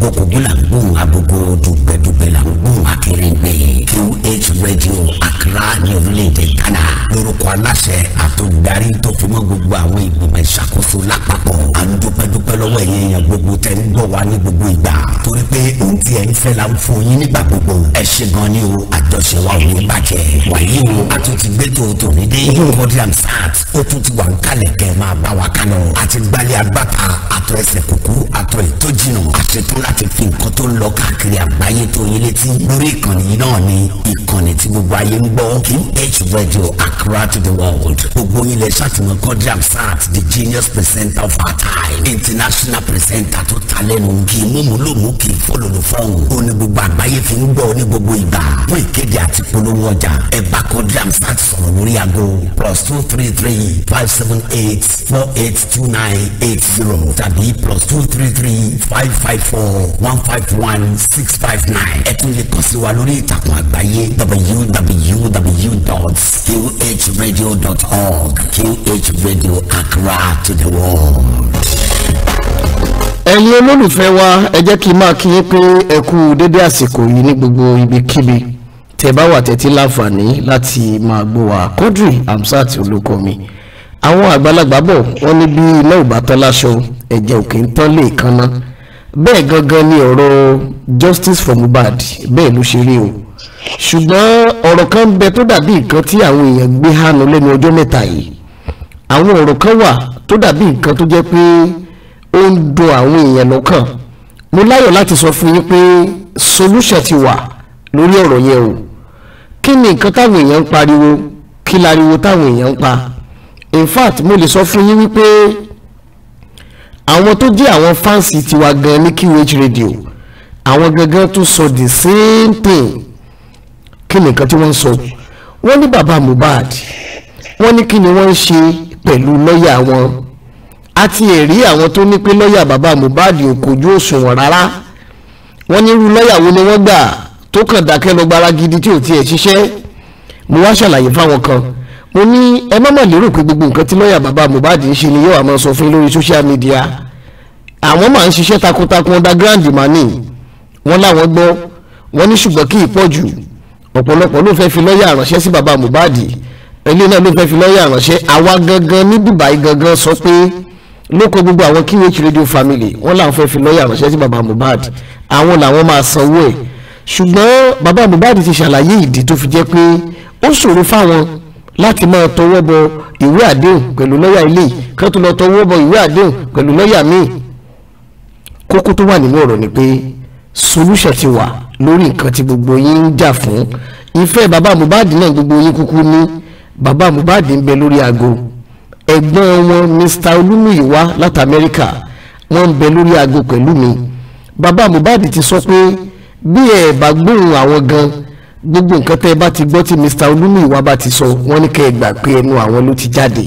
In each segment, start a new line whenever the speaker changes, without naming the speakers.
kògókògó là ń gbóhùn agogo dùgbẹ̀dùgbẹ̀ là ń gbóhùn akérèǹgbè QH radio ara ní orílẹ̀-èdè Ghana lórúkọ aláṣẹ àtòdarí tó fi mọ́ gbogbo àwọn ìgbìmọ̀ ìṣàkóso lápapọ̀ à ń dúpẹ́dúpẹ́ lọ́wọ́ ẹ̀yin èèyàn gbogbo tẹ́ ń gbọ́ wa ní gbogbo ìgbà torí pé ohun tí ẹ̀ ń fẹ́ la ń fún yín nígbà gbogbo ẹ ṣe gan ni o àjọṣe wa ò ní bàjẹ́ wàyí o a tún ti gbé tòótò ní dé modern sat ó tún ti wà ń kalẹ̀ kẹ́ máa bá wa gbọ́ KH Radio Accra to the world gbogbo yín lè ṣàtìmọ̀ Quadri Hamzat the genius presenter of our time international presenter tó ta lẹ́nu kì í múmu lòmù kì í fọlọ́lù fọ́hùn ó ní gbogbo àgbáyé fi ń gbọ́ ní gbogbo ìgbà fún ìkéde àti polówó ọjà ẹ bá Quadri Hamzat sọ̀rọ̀ lórí aago plus two three three five seven eight four eight two nine eight zero tàbí plus two three three five five four one five one six five nine ẹ tún lè kàn sí wa lórí ìtàkùn àgbáyé www www.qhradio.org QH Radio Accra to the world.
ẹ̀yin olólùfẹ́ wa ẹ jẹ́ kí n máa kí yín pé ẹ kú dédé àsìkò yìí ní gbogbo ibikíbi tẹ́ bá wà tẹ́tí láǹfààní láti máa gbọ́ wa Quadri Hamzat olùkọ́ mi àwọn àgbàlagbà bọ̀ wọ́n ní bí iná ò bá tán láṣọ ẹ̀jẹ̀ òkè ń tán lè kanná bẹ́ẹ̀ gangan ni ọ̀rọ̀ justice for Mohbad bẹ́ẹ̀ ló ṣe rí o ṣùgbọ́n ọ̀rọ̀ kan bẹ tó dàbí nǹkan tí àwọn èèyàn gbé hánu lẹ́nu ọjọ́ mẹ́ta yìí àwọn ọ̀rọ̀ kan wà tó dàbí nǹkan tó jẹ́ pé ó ń dùn àwọn èèyàn lọ́kàn mo láyọ̀ láti sọ fún yín pé solution ti wà lórí ọ̀rọ̀ yẹn o kí ni nǹkan táwọn èèyàn ń pariwo kí lariwo táwọn èèyàn ń pa in fact mo lè sọ fún yín wípé àwọn tó jẹ́ àwọn fáǹsì tiwa gan ní QH radio àwọn gangan tún sọ the same thing kí ni nǹkan tí wọ́n ń sọ wọ́n ní bàbá Mohbad wọ́n ní kí ni wọ́n ń ṣe pẹ̀lú lọ́ọ̀yà wọn àti ẹ̀rí àwọn tó ní pé lọ́ọ̀yà bàbá Mohbad ò kojú òṣùwọ̀n rárá wọ́n ní irú lọ́ọ̀yà wo ni wọ́n gbà tó kàn dákẹ́ lọ gbára gidi tí ò tiẹ̀ ṣiṣẹ́ mo wá ṣàlàyé fáwọn kan mo ní ẹ má mà lérò pé gbogbo nǹkan tí lọ́ọ̀yà bàbá Mohbad ń ṣe ni yóò àmọ́ sọ fún lórí social media àwọn máa ń ṣiṣẹ́ takuntakun underground mà ní wọ́n láwọn gbọ́ wọ́n ní ṣùgbọ́n kì í ọ̀pọ̀lọpọ̀ ló fẹ́ fi lọ́ọ̀yà ránṣẹ́ sí bàbá Mohbad ẹni náà ló fẹ́ fi lọ́ọ̀yà ránṣẹ́ àwa gangan ní bíbáyìí gangan sọ pé lóko gbogbo àwọn QH radio family wọn làwọn fẹ́ fi lọ́ọ̀yà ránṣẹ́ sí baba Mohbad àwọn làwọn máa sanwó ẹ̀ ṣùgbọ́n baba Mohbad ti ṣàlàyé ìdí tó fi jẹ́ pé ó ṣòro fáwọn láti máa tọwọ́ bọ ìwé àdéhùn pẹ̀lú lọ́ọ̀yà ilé kan tó lọ tọwọ́ bọ ìwé àdéhùn pẹ̀lú lọ́ọ̀yà míì kókó tó wà nínú ọ̀rọ̀ ni pé solution ti wà lórí nǹkan tí gbogbo yín ń jà fún ìfẹ́ bàbá Mohbad náà gbogbo yín kúkú ní bàbá Mohbad ń bẹ lórí aago ẹ̀gbọ́n wọn Mr Olúmúyìwá láti Amẹ́ríkà wọ́n ń bẹ lórí aago pẹ̀lú mi bàbá Mohbad ti sọ pé bí ẹ bá gbóhùn àwọn gan gbogbo nǹkan tẹ́ ẹ bá ti gbọ́ tí Mr Olúmúyìwá bá ti sọ wọ́n ní kẹ́ ẹ gbà pé ẹnu àwọn ló ti jáde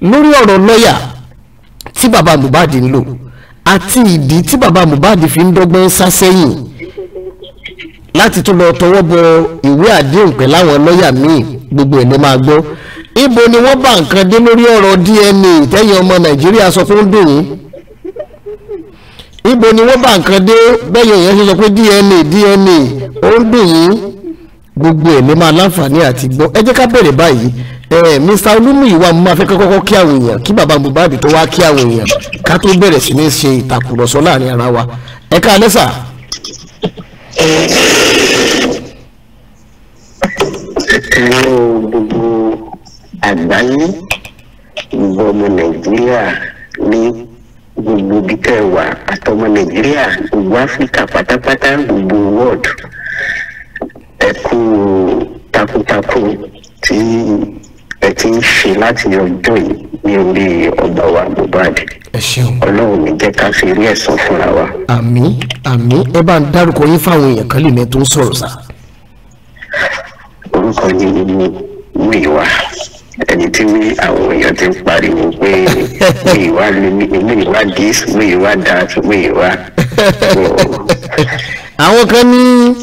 lórí ọ̀rọ̀ lọ́yà tí bàbá Mohbad ń lò àti ìdí tí bàbá Mohbad fi ń dọ́gbọ́n sá sẹ́yìn láti tún lọ tọwọ́ bọ ìwé àdéhùn pẹ̀lú àwọn lọ́ọ̀yà míì gbogbo ẹ̀ ló máa gbọ́ ibo ni wọ́n bá nǹkan dé lórí ọ̀rọ̀ DNA tẹ́yìn ọmọ Nàìjíríà sọ fún dùn yín ibo ni wọ́n bá nǹkan dé bẹ́yìn èèyàn ṣe sọ pé DNA DNA ó ń dùn yín gbogbo ẹ̀ ló máa láǹfààní àti gbọ́ ẹ jẹ́ ká bẹ̀rẹ̀ báyìí Mr Olúmúyìwá mo máa fẹ́ kọ́kọ́ kí àwọn èèyàn kí bàbá Mohbad tó wá kí àwọn èèyàn ká tó bẹ̀rẹ̀ sí ní ṣe ìtàkùrọ̀sọ láàrin ara wa ẹ ká alẹ́ sà.
hello
gbogbo àgbáyé gbogbo ọmọ Nàìjíríà ní gbogbo bíkẹ́ wà àtọmọ Nàìjíríà gbogbo Áfíríkà pátápátá gbogbo world ẹ kú takuntakun tí ẹ ti ń ṣe láti ọjọ́ yìí ní orí ọba wa Mohbad ọlọ́run mi jẹ́ ká fi rí ẹ̀san fúnra wa.
àmín àmín ẹ bá ń dárúkọ yín fáwọn èèyàn kan lè mẹ tó ń sọ̀rọ̀ sá.
orúkọ mi ni Múyìwá ẹni tí ní àwọn èèyàn ti ń pariwo pé Múyìwá lè ní Múyìwá dis Múyìwá dat Múyìwá.
àwọn kan ní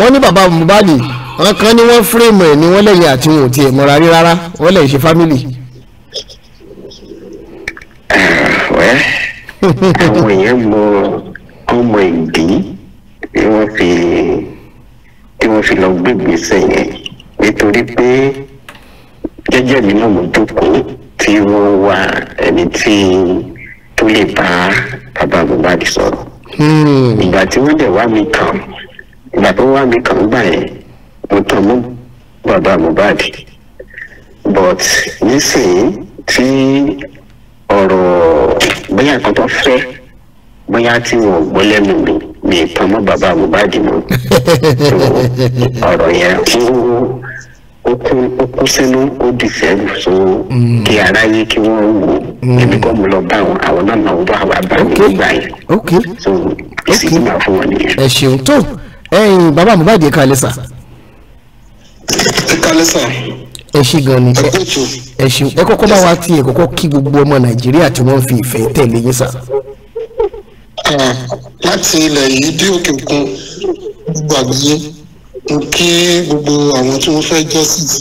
wọ́n ní bàbá Mohbad wọ́n kàn ní wọ́n fírèmù ẹ̀ ní wọ́n lẹ́yìn àti wọn ò tiẹ̀ mọ́ra rí rárá wọ́n lẹ́yìn ṣe fámìlì. àwọn èèyàn mọ ọmọ
ìdí bí wọ́n fi bí wọ́n fi lọ gbégbèsè yẹn nítorí pé jẹ́jẹ́ mi náà mo jókòó tí wọ́n wá ẹni tí tó lè bá bàbá Mohbad sọ̀rọ̀
hmm.
ìgbà tí wọ́n dẹ̀ wá mi kàn ìgbà tó wà mí kàn gbà yẹn mo tàn mọ́ bàbá Mohbad but nísìnyí tí ọ̀rọ̀ bóyá kan tó fẹ́ bóyá tí wọ́n gbọ́ lẹ́nu mi mi tàn mọ́ bàbá Mohbad mọ́ ọ̀rọ̀ yẹn ó kú ó kú sínú ó dì sẹ́rù so mm. kí aráyé kí wọ́n wò mm. èmi kọ́ mo lọ bá wọn àwọn náà náà wọ́n wá bá mi nígbà
yẹn so
èsì tí màá fún wọn
nìyẹn. ẹ ṣeun tó ẹ̀yin bàbá Mohbad ẹ kálẹ́ sà. ẹ kálẹ́ sà. ẹ ṣé gan ni
ẹ
ṣé ẹ kọ́kọ́ bá wa ti ẹ kọ́kọ́ kí gbogbo ọmọ nàìjíríà tí wọ́n fi ìfẹ́ tẹ̀lé yín sà.
láti ilẹ̀ yìí dé òkè òkun gbogbo àgbáyé mo kí gbogbo àwọn tí wọ́n fẹ́ justice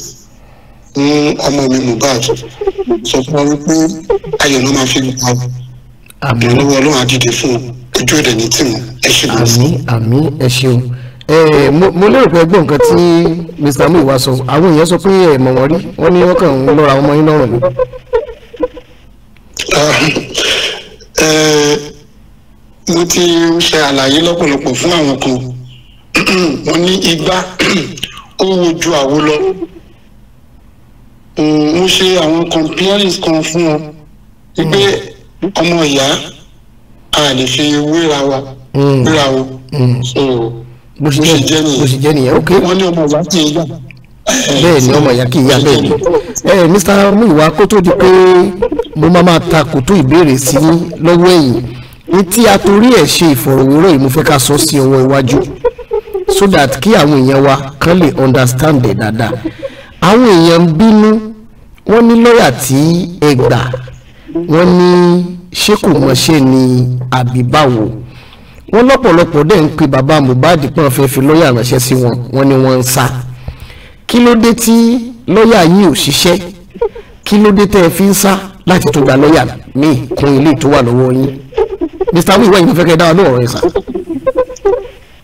ní ọmọ mi Mohbad sọ fún wa wípé ayọ̀ ló máa fi gbà wọ́n àmì olówó ọlọ́run àdìdè fún ojú ẹ̀dẹ̀ ní tìmọ̀
ẹ ṣe lọ sí. àmì àmì ẹ ṣeun. Eh, mo lérò pé ẹgbọ́n nǹkan tí Mr. Muiwa sọ àwọn èèyàn sọ pé ẹ mọ̀ wọ́n rí wọ́n ní wọ́n kàn ń lọ́ra ọmọ yín lọ́rùn ni. Ah,
eh, mo ti ṣe àlàyé lọ́pọ̀lọpọ̀ fún àwọn kan wọ́n ní igbá ó wojú àwo lọ mm, mo ṣe àwọn complaints kan fún wọn wípé mm. ọmọ ìyá a lè fi wéra wa mm. wéra o
bó ṣe jẹ́ bó ṣe jẹ́ nìyẹn ok. wọ́n ní ọmọ ìyá kì í yá. bẹ́ẹ̀ ni ọmọ ìyá kì í yá bẹ́ẹ̀ ni ẹ Mr. Muiwa kó tó di pé mo máa máa ta kòtó ìbéèrè sí lọ́wọ́ ẹ̀yìn ní tí a torí ẹ̀ ṣe ìfọ̀rọ̀wérọ̀ yìí mo fẹ́ ká sọ sí ọwọ́ iwájú so that kí àwọn èèyàn wa kán lè understand ẹ̀ dáadáa àwọn èèyàn ń bínú wọ́n ní lọ́ọ̀yà tí ẹ gbà wọ́n ní ṣé kò mọṣẹ́ ni àbí báwo wọ́n lọ́pọ̀lọpọ̀ dẹ̀ ń pe bàbá Mohbad pọ́n fẹ́ fi lọ́ọ̀yà ránṣẹ́ sí wọn wọ́n ní wọ́n ń sá kí ló dé tí lọ́ọ̀yà yìí ò ṣiṣẹ́ kí ló dé tẹ́ ẹ fi ń sá láti tó gba lọ́ọ̀yà míì kún ilé tó wà lọ́wọ́ yín Mr. Wu ìwé ìfẹ́kẹ́ dáwọ́ lọ́wọ́ rẹ̀ sá.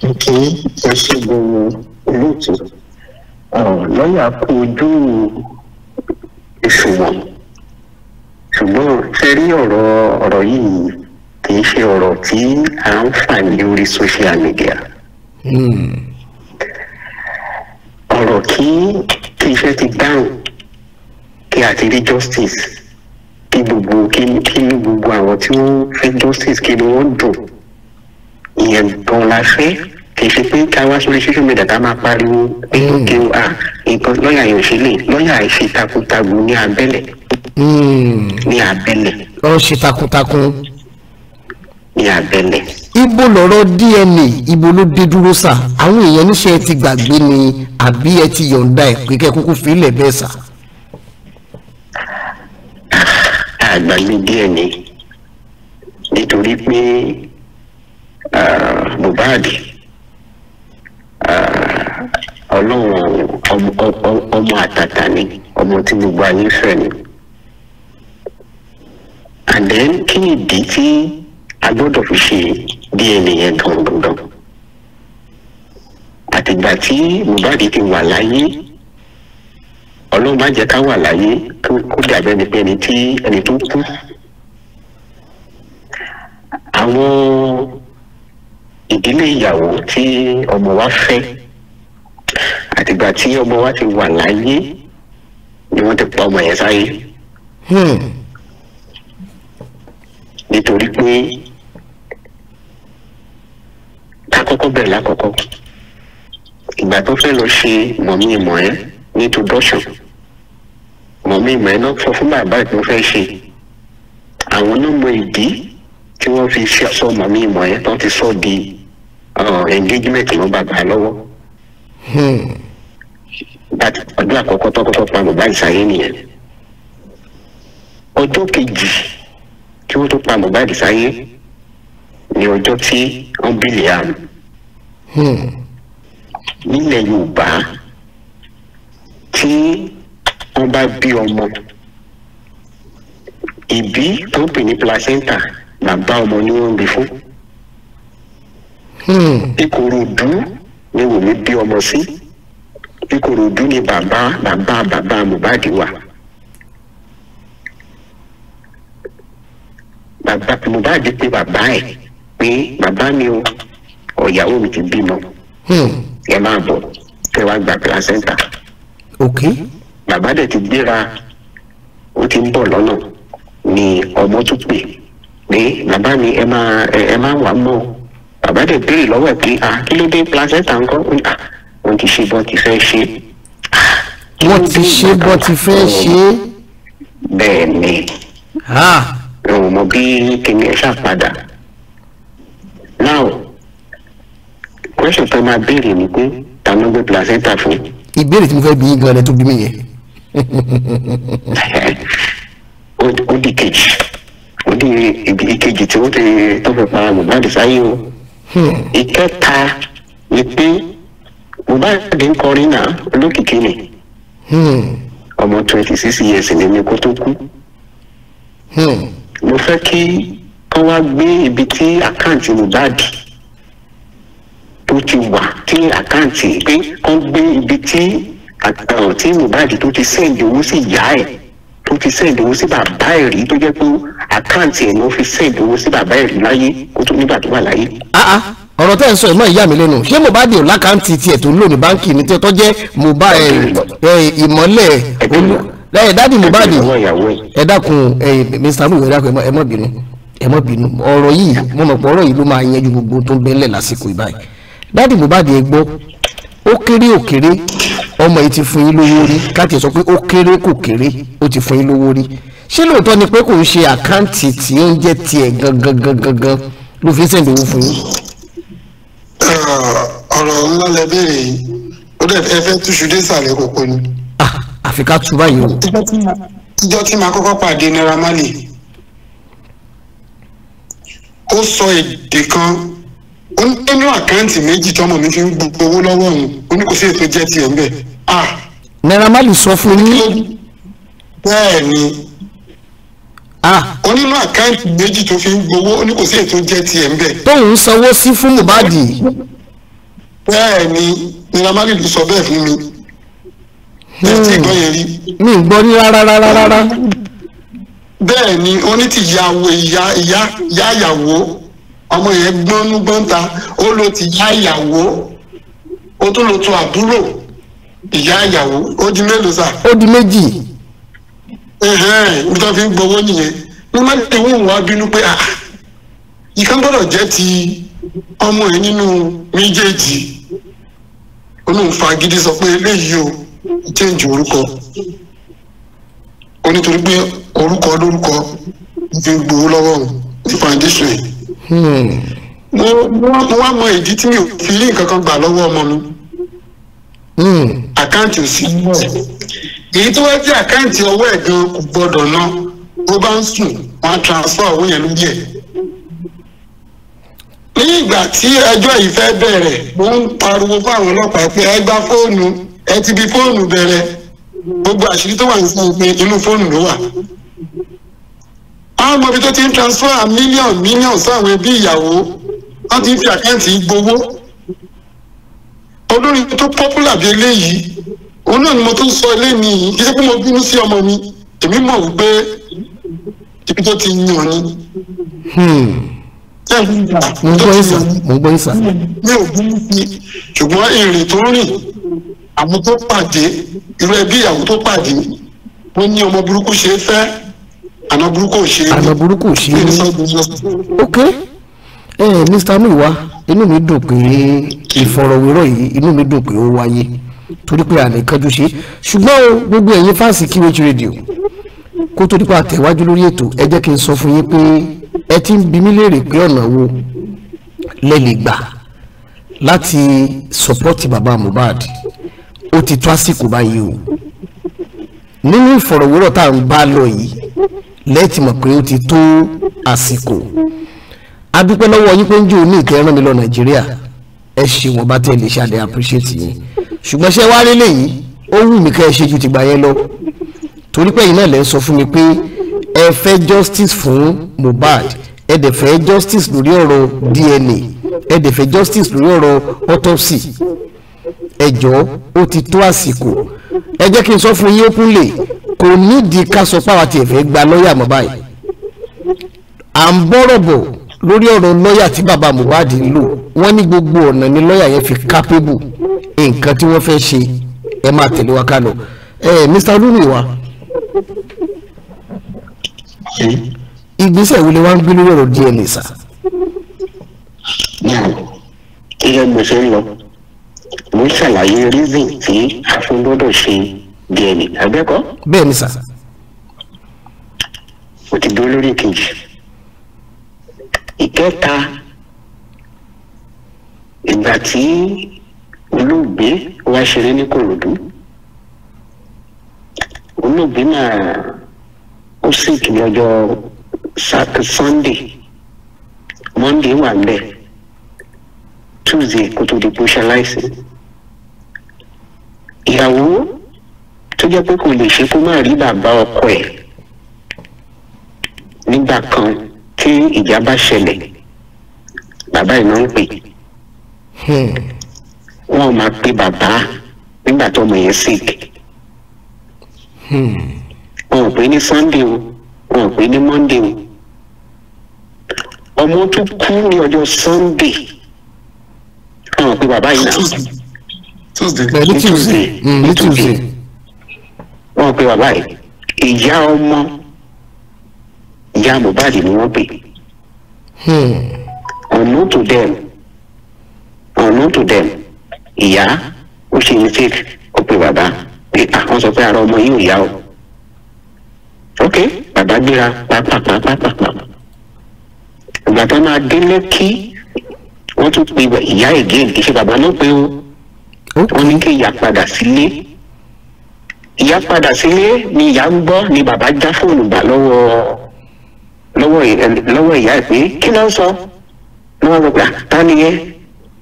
ok ẹ ṣe gbogbo olóòtú lọ́ọ̀yà kú ojú ìṣùwọ̀n ṣùgbọ́n ṣe rí ọ̀rọ̀ yìí kì í ṣe ọ̀rọ̀ tí à ń fà ní orí social media. Hmm. ọ̀rọ̀ kí kí iṣẹ́ ti dáhùn kí a ti rí justice kí gbogbo kí kí gbogbo àwọn tí wọ́n fẹ́ justice kí ni wọ́n dùn ìyẹn gan la fẹ́ kì í ṣe pé ká wá sórí social media ká máa pariwo pé ó kí o à
nǹkan lọ́ọ̀yà yóò ṣe lè lọ́ọ̀yà ṣe takuntakun ní abẹ́lẹ̀
hmm. ní abẹ́lẹ̀. ó ṣe takuntakun
ní abẹ́lẹ̀.
ibo lọ̀rọ̀ DNA ibo ló dé dúró sà àwọn èèyàn níṣẹ́ ti gbàgbé ni àbí ẹ ti yọ̀ǹda ẹ̀ pé kẹ́ kúkú fílẹ̀ bẹ́ẹ̀ sà.
àgbàgbé DNA nítorí pé mohbad ọlọ́run ọmọ àtàtà ni ọmọ tí gbogbo ayé fẹ́ ni. and kí ni ìdí tí a gbọ́dọ̀ fi ṣe DNA yẹn gangan àtìgbà tí Mohbad ti wà láyé ọlọ́run bá jẹ́ ká wà láyé kó dàbẹ́ ni pé ẹni tí ẹni tó kú àwọn ìdílé ìyàwó tí ọmọ wa fẹ́ àtìgbà tí ọmọ wa ti wà láyé ni wọ́n ti pa ọmọ yẹn sáyé hmm. nítorí pé ká kọ́kọ́ bẹ̀rẹ̀ lákọ̀ọ́kọ́ ìgbà tó fẹ́ lọ ṣe mọ̀mí ìmọ̀ ẹ́ ní introduction mọ̀mí ìmọ̀ ẹ́ náà sọ fún bàbá ìpín fẹ́ ṣe àwọn náà mọ ìdí tí wọ́n fi ṣe sọ mọ̀mí ìmọ̀ ẹ́ tó ti sọ di engagement mọ́ bàbá lọ́wọ́ hmm. ọdún àkọ́kọ́ tọ́kọ́tọ́ pa bàbá ìsáyé nìyẹn ọjọ́ kejì tí wọ́n tó pa bàbá ìsáyé ní ọjọ́ tí wọ́n bèlè àmì. Hmm. nílẹ̀ yorùbá tí wọ́n bá bí ọmọ ìbí tó ń pè ní placenta bàbá ọmọ ni wọ́n ń bí fún. Hmm. ìkòròdú ni wòmí bí ọmọ sí ìkòròdú ni bàbá bàbá bàbá Mohbad wà. bàbá Mohbad pé bàbá ẹ̀ pé bàbá mi o ọ̀yàwó mi ti bímọ hmm. ẹ máa bọ̀ kẹ wá gba placenta. ok. bàbá dẹ̀ ti gbéra ó ti ń bọ̀ lọ́nà ni ọmọ tún pè pé bàbá mi ẹ máa ẹ máa wà mọ́ bàbá dẹ̀ béèrè lọ́wọ́ ẹ̀ pé à kí ló dé placenta ńkọ́ wọ́n ti ṣe bọ́ ti fẹ́ ṣe. wọ́n ti ṣe
bọ́ ti fẹ́ ṣe.
bẹ́ẹ̀ ni. ọmọ bí kíni ṣàpadà now question tó máa béèrè ni pé ta ló gbé placenta fún.
ìbéèrè tí mo fẹ́ bí yín gan-an tó bí mi yẹn. ó di
kejì ó di ìkejì tí wọ́n ti tó fi pa Mohbad sáyé o. Hmm. ìkẹta
ni pé Mohbad ń kọrin náà olókìkí ni hmm.
ọmọ twenty six years ni mi kó tó kú. Hmm. mo fẹ́ kí kán wá gbé ibi tí àkáǹtì Mohbad tó ti wà tí àkáǹtì pé kán gbé ibi tí tí Mohbad tó ti sẹ́ǹdì owó sí ìyá ẹ̀ tó ti sẹ́ǹdì owó sí bàbá ẹ̀ rí tó jẹ́ pé àkáǹtì ẹ̀ ló fi sẹ́ǹdì owó sí bàbá ẹ̀ rí láyé kó tó nígbà tó wà láyé.
Ah, ah, ọ̀rọ̀ tẹ́ ń sọ ìmọ̀ ìyá mi lẹ́nu ṣé Mohbad ò lákàǹtì tiẹ̀ tó ń lò ní báńkì ní tó jẹ́ Mohbad ìmọ̀lẹ̀ ẹ̀ dádì Mohbad ẹ̀ dákun Mr. Amuwo ẹ̀ dákun ẹ̀ mọ́ bínú ẹ má bínú ọ̀rọ̀ yìí mo mọ̀ pé ọ̀rọ̀ yìí ló máa yanjú gbogbo tó ń bẹ́lẹ̀ lásìkò ìbáyìí dáàdì Mohbad ẹ gbọ́ ó kéré ó kéré ọmọ yìí ti fún yín lówó rí káàtì sọ pé ó kéré kò kéré ó ti fún yín lówó rí ṣé lóòótọ́ ni pé kò ń ṣe àkáǹtì tí ó ń jẹ́ tiẹ̀ gangan gangan gan ló fi sẹ́ǹdì owó fún yín.
Ah, ọ̀rọ̀ ńlá lẹ béèrè yìí ó dẹ̀ ẹ fẹ́ túṣu dé ìsàlẹ̀ kòkó ni.
Ah, àfi ká tú báyìí o.
ìjọ tí màá kọ́kọ́ pàdé Naira Marley kó sọ èdè kan ó nínú àkáǹtì méjì tọmọ mi fi ń gbogbo owó lọ́wọ́ òun ó ní kò sí ètò jẹ́ tiẹ̀ ńbẹ̀.
Naira Marley sọ fún
yín. bẹ́ẹ̀ ni ó nínú àkáǹtì méjì tó fi ń gbowó ó ní kò sí ètò jẹ́ tiẹ̀ ńbẹ̀. tóun sanwó sí fún Mohbad. bẹ́ẹ̀ ni Naira Marley ló sọ bẹ́ẹ̀ fún mi. ẹ ti hmm. gbọ́ yẹn rí.
mi ò gbọ́ ní rárá rárá rárá.
bẹ́ẹ̀ ni onítìyàwó ìyá ìyá ìyá ìyàwó ọmọ yẹn gbọ́nú gbọ́nta ó lo ti yá ìyàwó ó tún lo tún àbúrò ìyá ìyàwó ó di mélòó sà. ó di méjì. ẹhẹ́n mi tó fi ń gbowó nìyẹn mo má lè wò wá bínú pé ah, ìkan gbọ́dọ̀ jẹ́ ti ọmọ yẹn nínú méjèèjì olóhùn fagídí sọ pé eléyìí o change orúkọ ó nítorí pé orúkọ lórúkọ fi gbowó lọ́wọ́ ní foundation yìí. Hmm. mo mo wá mọ ìdí tí mi ò fi rí nǹkan kan gbà lọ́wọ́ ọmọ mi. Hmm. àkáǹtì ò sí èyí tó wá jẹ́ àkáǹtì ọwọ́ ẹ̀ gan kò gbọ́dọ̀ ná bó bá ń sùn wọ́n á transfer owó yẹn lórí ní ìgbà tí ẹjọ́ yìí fẹ́ bẹ̀rẹ̀ mo ń pariwo fáwọn ọlọ́pàá pé ẹ gba fóònù ẹ ti bi fóònù bẹ̀rẹ̀ gbogbo àṣírí tó wà ní fún mi inú fóònù ló wà. àwọn ọmọ ibi tó ti ń transfer million million sáwọn ẹbí ìyàwó wọ́n ti ń fi àkáǹtì gbowó. olórin tó popular bíi eléyìí òun náà ni mo tún sọ eléyìí kí sẹ́kún mo bínú sí ọmọ mi èmi mọ̀ wípé ibi tó ti yàn ni. Hmm. mo ń gbọ́ ìsà. mi ò bínú sí ṣùgbọ́n èrè tó rìn àwọn tó pàdé irú ẹbí ìyàwó tó pàdé wọ́n ní ọmọ
burúkú ṣe é fẹ́ àná burúkú ò ṣe é àná burúkú ò ṣe é ok eh, Mr. Muiwa inú mi dùn pé ìfọ̀rọ̀wérọ̀ yìí inú mi dùn pé ó wáyé torí pé àlè kájú ṣe ṣùgbọ́n o gbogbo ẹ̀yin fáàsì QH radio kó tó dípa àtẹ̀wájú lórí ètò ẹ jẹ́ kí n sọ fún yín pé ẹ ti ń bi mí léèrè pé ọ̀nà wo lẹ lè gbà láti sọpọ́tì bàbá Mohbad ó ti tó àsìkò báyìí o nínú ìfọ̀rọ̀wérọ̀ tá à ń bá lọ yìí lẹ́ẹ̀tì mọ̀ pé ó ti tó àsìkò a dúpẹ́ lọ́wọ́ yín pé ń jò ní ìtẹ́ràn mi lọ nàìjíríà ẹ ṣe wọn bá tẹ̀lé ṣáde appreciate yín ṣùgbọ́n ṣé wàá rélé yìí ó wù mí ká ẹ ṣe ju tìgbà yẹn lọ torí pé yìí náà lẹ́ ń sọ fún mi pé ẹ fẹ́ justice fún Mohbad ẹ dẹ̀ fẹ́ justice lórí ọ̀rọ̀ DNA ẹ dẹ̀ fẹ́ justice lórí ọ̀rọ̀ autopsy ẹjọ́ ó ti tó àsìkò ẹ jẹ́ kí n sọ fún yín ó kún lè kò nídìí ká sọ páwa tiẹ̀ fẹ́ gba lọ́ọ̀yà mọ́ báyìí à ń bọ̀rọ̀ bọ̀ lórí ọ̀rọ̀ lọ́ọ̀yà tí bàbá Mohbad ń lò wọ́n ní gbogbo ọ̀nà ni lọ́ọ̀yà yẹn fi kápébù nǹkan tí wọ́n fẹ́ ṣe ẹ máa tẹ̀lé wa ká lọ ẹ Mr. Olúmíwá ìgbésẹ̀ wo ni ń gbé lórí ọ̀rọ̀ DNA sá.
ilé ìgbésẹ̀ ń lọ mo ń ṣàlàyé reason tí a fi gbọ́dọ̀ ṣe DNA abẹ́kọ́. bẹ́ẹ̀ ni sà. mo ti dúró lórí ìkejì ìkẹta ìgbà tí olóògbé wá ṣeré ní kòròdú olóògbé náà ó sì kí lọ́jọ́ sunday monday wà ń bẹ́ẹ̀. Tuesday kó tó di bó ṣaláìsí ìyàwó tó jẹ́ pé kò lè ṣe kó má rí bàbá ọkọ ẹ̀ nígbà kan tí ìjà bá ṣẹlẹ̀ bàbá ìná ń pè wọ́n máa pe bàbá nígbà tó ọmọ yẹn sick wọn ò pè ní Sunday o wọn ò pè ní Monday o ọmọ tó kú ní ọjọ́ Sunday ti wà báyìí náà. pẹ̀lú tuesday
ní tuesday. Mm,
wọ́n pe bàbá yìí ìyá ọmọ ìyá Mohbad ni wọ́n pè. ọ̀nà hmm. to them ọ̀nà to them ìyá ó ṣe mistake ó pe bàbá pé àwọn ah, sọ pé ara ọmọ yìí ò yá o. ok bàbá gbéra pápápápápá ìgbà tó máa dé lẹ́kí wọ́n tún pe ìyá again kì í ṣe bàbá ló pe o wọ́n ní kí ìyá padà sílé ìyá padà sílé ni ìyá ń gbọ́ ni bàbá já fóònù gbà lọ́wọ́ lọ́wọ́ ìyá ẹ̀ pé kí ló ń sọ ni wọ́n lọ pé ta ni yẹn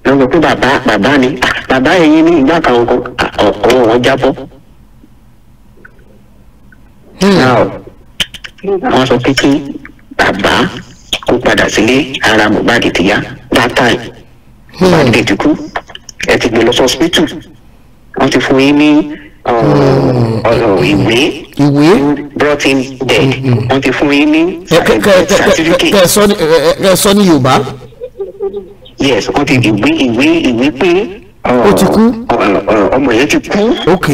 ni wọ́n lọ pé bàbá bàbá ni bàbá ẹ̀yin ní ìgbà kan ọ̀wọ́ wọn jábọ́ hmm. wọ́n sọ pé kí bàbá kó padà sílé ara Mohbad ti yá that mande báyìí lè dínkù ẹ ti gbé lọ sí hospital wọ́n ti fún yín ní uh, ìwé ìwé brought in dead wọ́n ti fún yín ní certificate. ẹ sọ ní yorùbá. yes wọ́n ti ìwé ìwé ìwé pé. Uh, ó ti kú. Uh, ọmọ yẹn ti kú. ok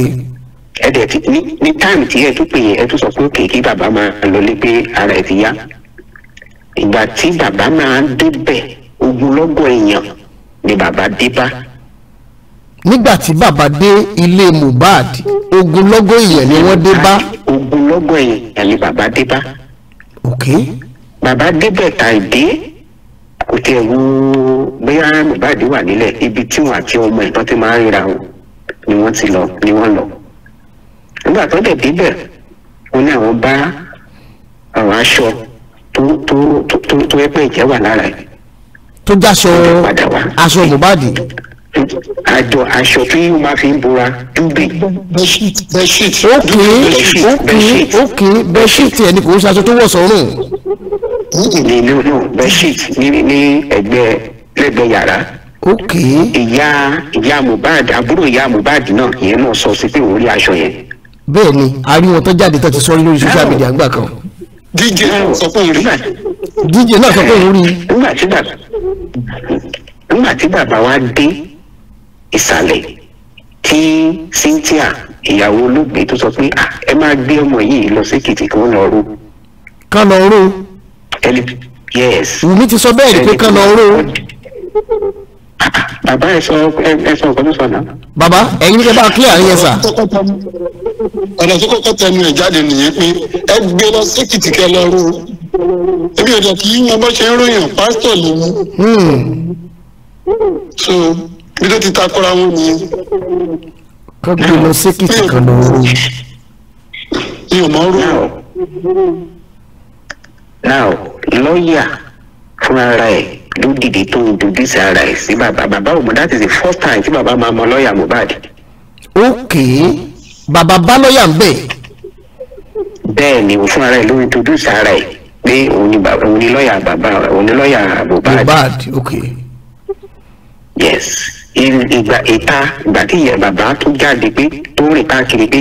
ẹ̀dẹ̀ tí ní ní táìmù tí ẹ tún pè yẹn ẹ tún sọ pé òkè kí bàbá máa lọlé pé ara ẹ ti yá ìgbà tí bàbá máa débẹ̀ ogunlọ́gọ̀ èèyàn ni bàbá dé bá.
nígbà tí bàbá dé ilé Mohbad ogunlọ́gọ̀ èèyàn ni wọ́n dé bá. ogunlọ́gọ̀ èèyàn ni bàbá dé bá. ok. bàbá débẹ̀
tàì dé kò tiẹ̀ wo bóyá Mohbad wà nílẹ̀ ibi tí wọn àti ọmọ ìtọ́ ti máa ń ríra o ni wọ́n ti lọ ni wọ́n lọ. nígbà tó dẹ̀ débẹ̀ wọ́n ní àwọn bá àwọn aṣọ tó tó tó tó ẹgbẹ́ ìjẹ́ wà lára ẹ̀
tó jáṣọ aṣọ Mohbad.
àjọ aṣọ tí yóò máa fi ń bora dúbì.
ókè
ókè ókè bẹ́ṣíìtì ẹni kò ń ṣaṣọ tó wọ̀ sọ́rùn.
nínú bẹ́ṣíìtì ní ẹgbẹ́ lẹ́gbẹ̀ẹ́ yàrá ok ìyá ìyá Mohbad àbúrò ìyá Mohbad náà ìyẹn náà sọ sí pé òun rí aṣọ yẹn.
bẹ́ẹ̀ ni a rí wọn tó jáde tó ti sọ lórí social media àgbà kan.
díje sọ pé òun díje náà sọ pé òun rí i. nígbà tí bàbá wa dé ìsàlẹ̀ tí Cynthia ìyàwó olóògbé tó sọ pé ẹ máa gbé ọmọ yìí lọ sí Èkìtì kí wọ́n lọ ró. ká lọ ró. yes. Wùmí ti sọ bẹ́ẹ̀ ni pé ká lọ ró bàbá ẹ sọ
ẹ sọ nǹkan tó sọ náà. bàbá ẹ̀yin kẹ́ bá clear yẹn sà. ọ̀nà tó kọ́kọ́ tẹnu ẹ̀ jáde nìyẹn pé ẹ gbé lọ sékìtì kẹ lọ rú ebi ọ̀dọ̀ kì í yan bó ṣe ń ròyìn pásítọ̀ lòun. so bí ló ti takora wọn nìyẹn.
ká gbé lọ sékìtì kan lọ rú.
mi ò mọ̀ rú. now lọ́ọ̀yà fúnra rẹ̀ ló dìde tó introduce ara
ẹ̀ sí bàbá bàbá òmò that is the first time tí bàbá máa mọ lọ́ọ̀yà Mohbad.
ok bàbá bá lọ́ọ̀yà ń bẹ̀.
bẹ́ẹ̀ ni fún ara ẹ̀ ló introduce ara ẹ̀ pé òun ni lọ́ọ̀yà bàbá
òun ni lọ́ọ̀yà Mohbad. Mohbad ok. yes ìgbà ìta ìgbà tí ìyẹn bàbá tó jáde pé tó rìn
káàkiri pé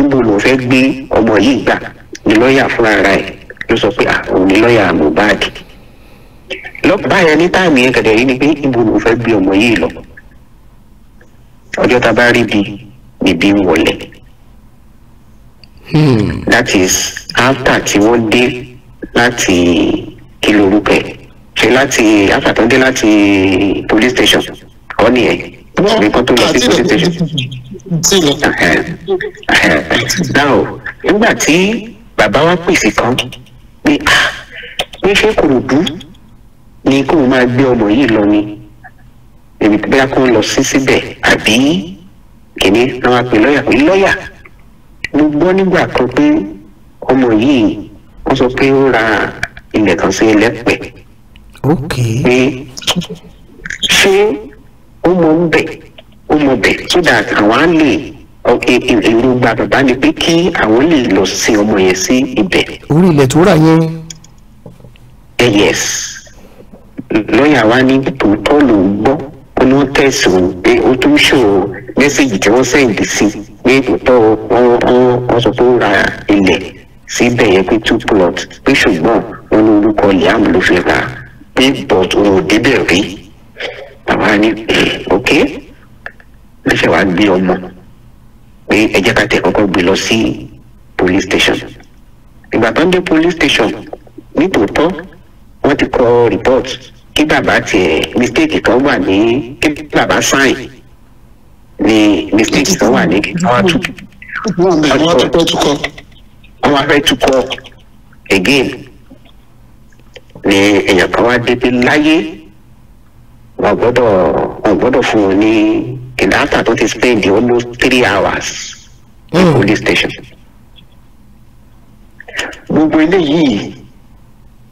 ibo ló fẹ́ gbé ọmọ yìí gbà ni lọ́ọ̀yà fúnra rẹ̀ ló sọ pé ah, òun ni lọ́ọ̀yà Mohbad lọ́pàá yẹn ní táàmì yẹn kẹ̀dẹ̀ yìí ni pé ibo ló fẹ́ gbé ọmọ yìí lọ ọjọ́ tá a bá rí bi níbí ń wọlé hmm. that is after tí wọ́n dé láti kí lorúkọ ẹ̀ ṣe láti after tó dé láti police station kọ́ nìyẹn ṣùgbọ́n kó tó lọ sí police station. now nígbà tí bàbá wa pèsè kan pé ah pé ṣé kò rò dùn ni kó o máa gbé ọmọ yìí lọ ni èmi tí bóyá kó o lọ sí síbẹ̀ àbí kìíní àwọn àpè lọ́ọ̀yà pé lọ́ọ̀yà mo gbọ́ nígbà kan pé ọmọ yìí ó sọ pé ó ra ilẹ̀ kan sí ẹlẹ́pẹ̀ pé ṣé ó mọ ń bẹ̀ ó mọ bẹ̀ so that àwọn á lè èròǹgbà bàbá ni pé kí àwọn lè lọ sin
ọmọ yẹn sí ibẹ̀. orí ilẹ̀ tó rà yẹn. Eh, yes
lọ́ọ̀yà wa ní tòótọ́ ló ń gbọ́ kó ní wọ́n o pé ó tún o mẹ́sẹ̀gì tí wọ́n sẹ́ǹdì sí pé tòótọ́ wọ́n sọ pé ó ra ilẹ̀ síbẹ̀ yẹn pé two plot pé ṣùgbọ́n wọn ní orúkọ liam ló fi ra pé but o ò débẹ̀ rí bàbá ni ok lọ́sẹ̀ wàá gbé ọmọ pé ẹ jẹ́ ká tẹ̀ kọ́kọ́ gbé lọ sí police station ìgbà tó ń dé police station nítòótọ́ wọ́n ti kọ report kí bàbá tiẹ̀ mistake kan wà ní kí bàbá sign ni mistake kan wà ní kí wọ́n tún wọ́n tún tukọ̀ fẹ́ tukọ̀ again ni èèyàn kan wá débi láyé wọ́n gbọ́dọ̀ wọ́n gbọ́dọ̀ fún un ní kìdáàtà tó ti spend almost three hours ní hmm. police station
gbogbo eléyìí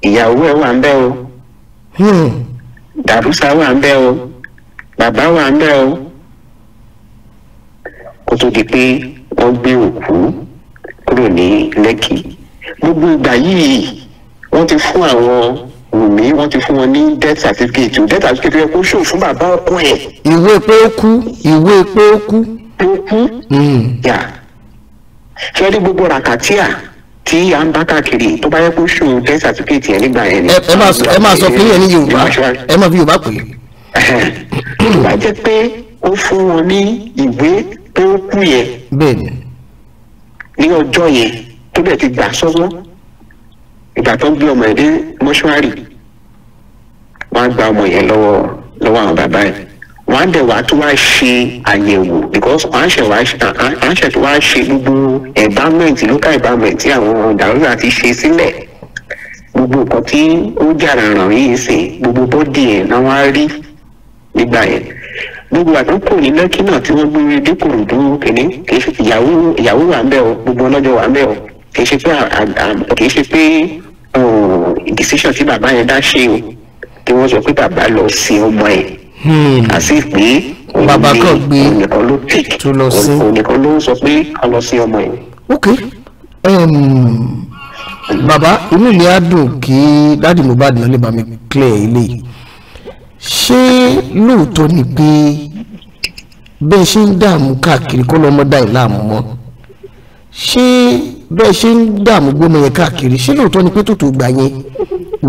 ìyàwó ẹ̀ wà ń bẹ̀ o. Hmm. dàrúsà wà ń bẹ o bàbá wà ń bẹ o kó tó di pé wọ́n gbé òkú kúrò ní lẹ́kì gbogbo ìgbà yìí wọ́n ti fún àwọn wùmí wọ́n ti fún wọn ní death certificate
o death certificate yẹ kó ṣòwò fún bàbá ọkọ ẹ̀. ìwé pé ó kú ìwé pé ó kú. ó kú hmm. yà
fẹ́ẹ́ rí gbogbo ràkàtíà tí à ń bá káàkiri tó bá yẹ kó ṣòwò death certificate yẹn nígbà yẹn ni. ẹ máa sọ ẹ máa sọ pé yẹn ní yorùbá
ẹ máa fi yorùbá pè é. tó bá
jẹ́ pé ó fún wọn ní ìwé pé ó kú yẹn. bẹ́ẹ̀ni. ní ọjọ́ yẹn tó bẹ̀ ti gbà sọ́wọ́ ìgbà tó gbé ọmọ yẹn dé mọ́ṣúárì wọ́n á gba ọmọ yẹn lọ́wọ́ lọ́wọ́ àwọn bàbá yẹn wọ́n á dẹ̀ wá tó wá ṣe àyẹ̀wò because wọ́n á ṣẹ̀ wá á ṣẹ̀ tó wá ṣe gbogbo environment local environment tí àwọn dàrúdà ti ṣe sílẹ̀ gbogbo nǹkan tí ó jàrà ràn yìí ṣe gbogbo bọ́dì ẹ̀ náà wá rí nígbà yẹn gbogbo àtúnkò ní lẹ́kí náà tí wọ́n gbére dé kòròdú kìíní kìí ṣe ìyàwó ìyàwó wà ń bẹ̀ o gbogbo ọlọ́jọ́ wà ń bẹ̀ o kìí ṣe pé kìí ṣe pé decision tí bàbá yẹn dá ṣe o kí wọ́n sọ pé bàbá lọ sí ọmọ ẹ̀ Hmm. àti pé bàbá kan gbé tó lọ sí. onìkan ló ń sọ pé a lọ sí ọmọ
yìí. um, bàbá inú mi á dùn kí dáàdì Mohbad náà lè bá mi clear eléyìí ṣé lóòótọ́ ni pé bẹ́ẹ̀ ṣe ń dààmú káàkiri kó lọ́mọ dá ìlààmú mọ́ ṣé bẹ́ẹ̀ ṣe ń dààmú gbọ́mọ yẹn káàkiri ṣé lóòótọ́ ni pé tòótọ́ gbà yẹn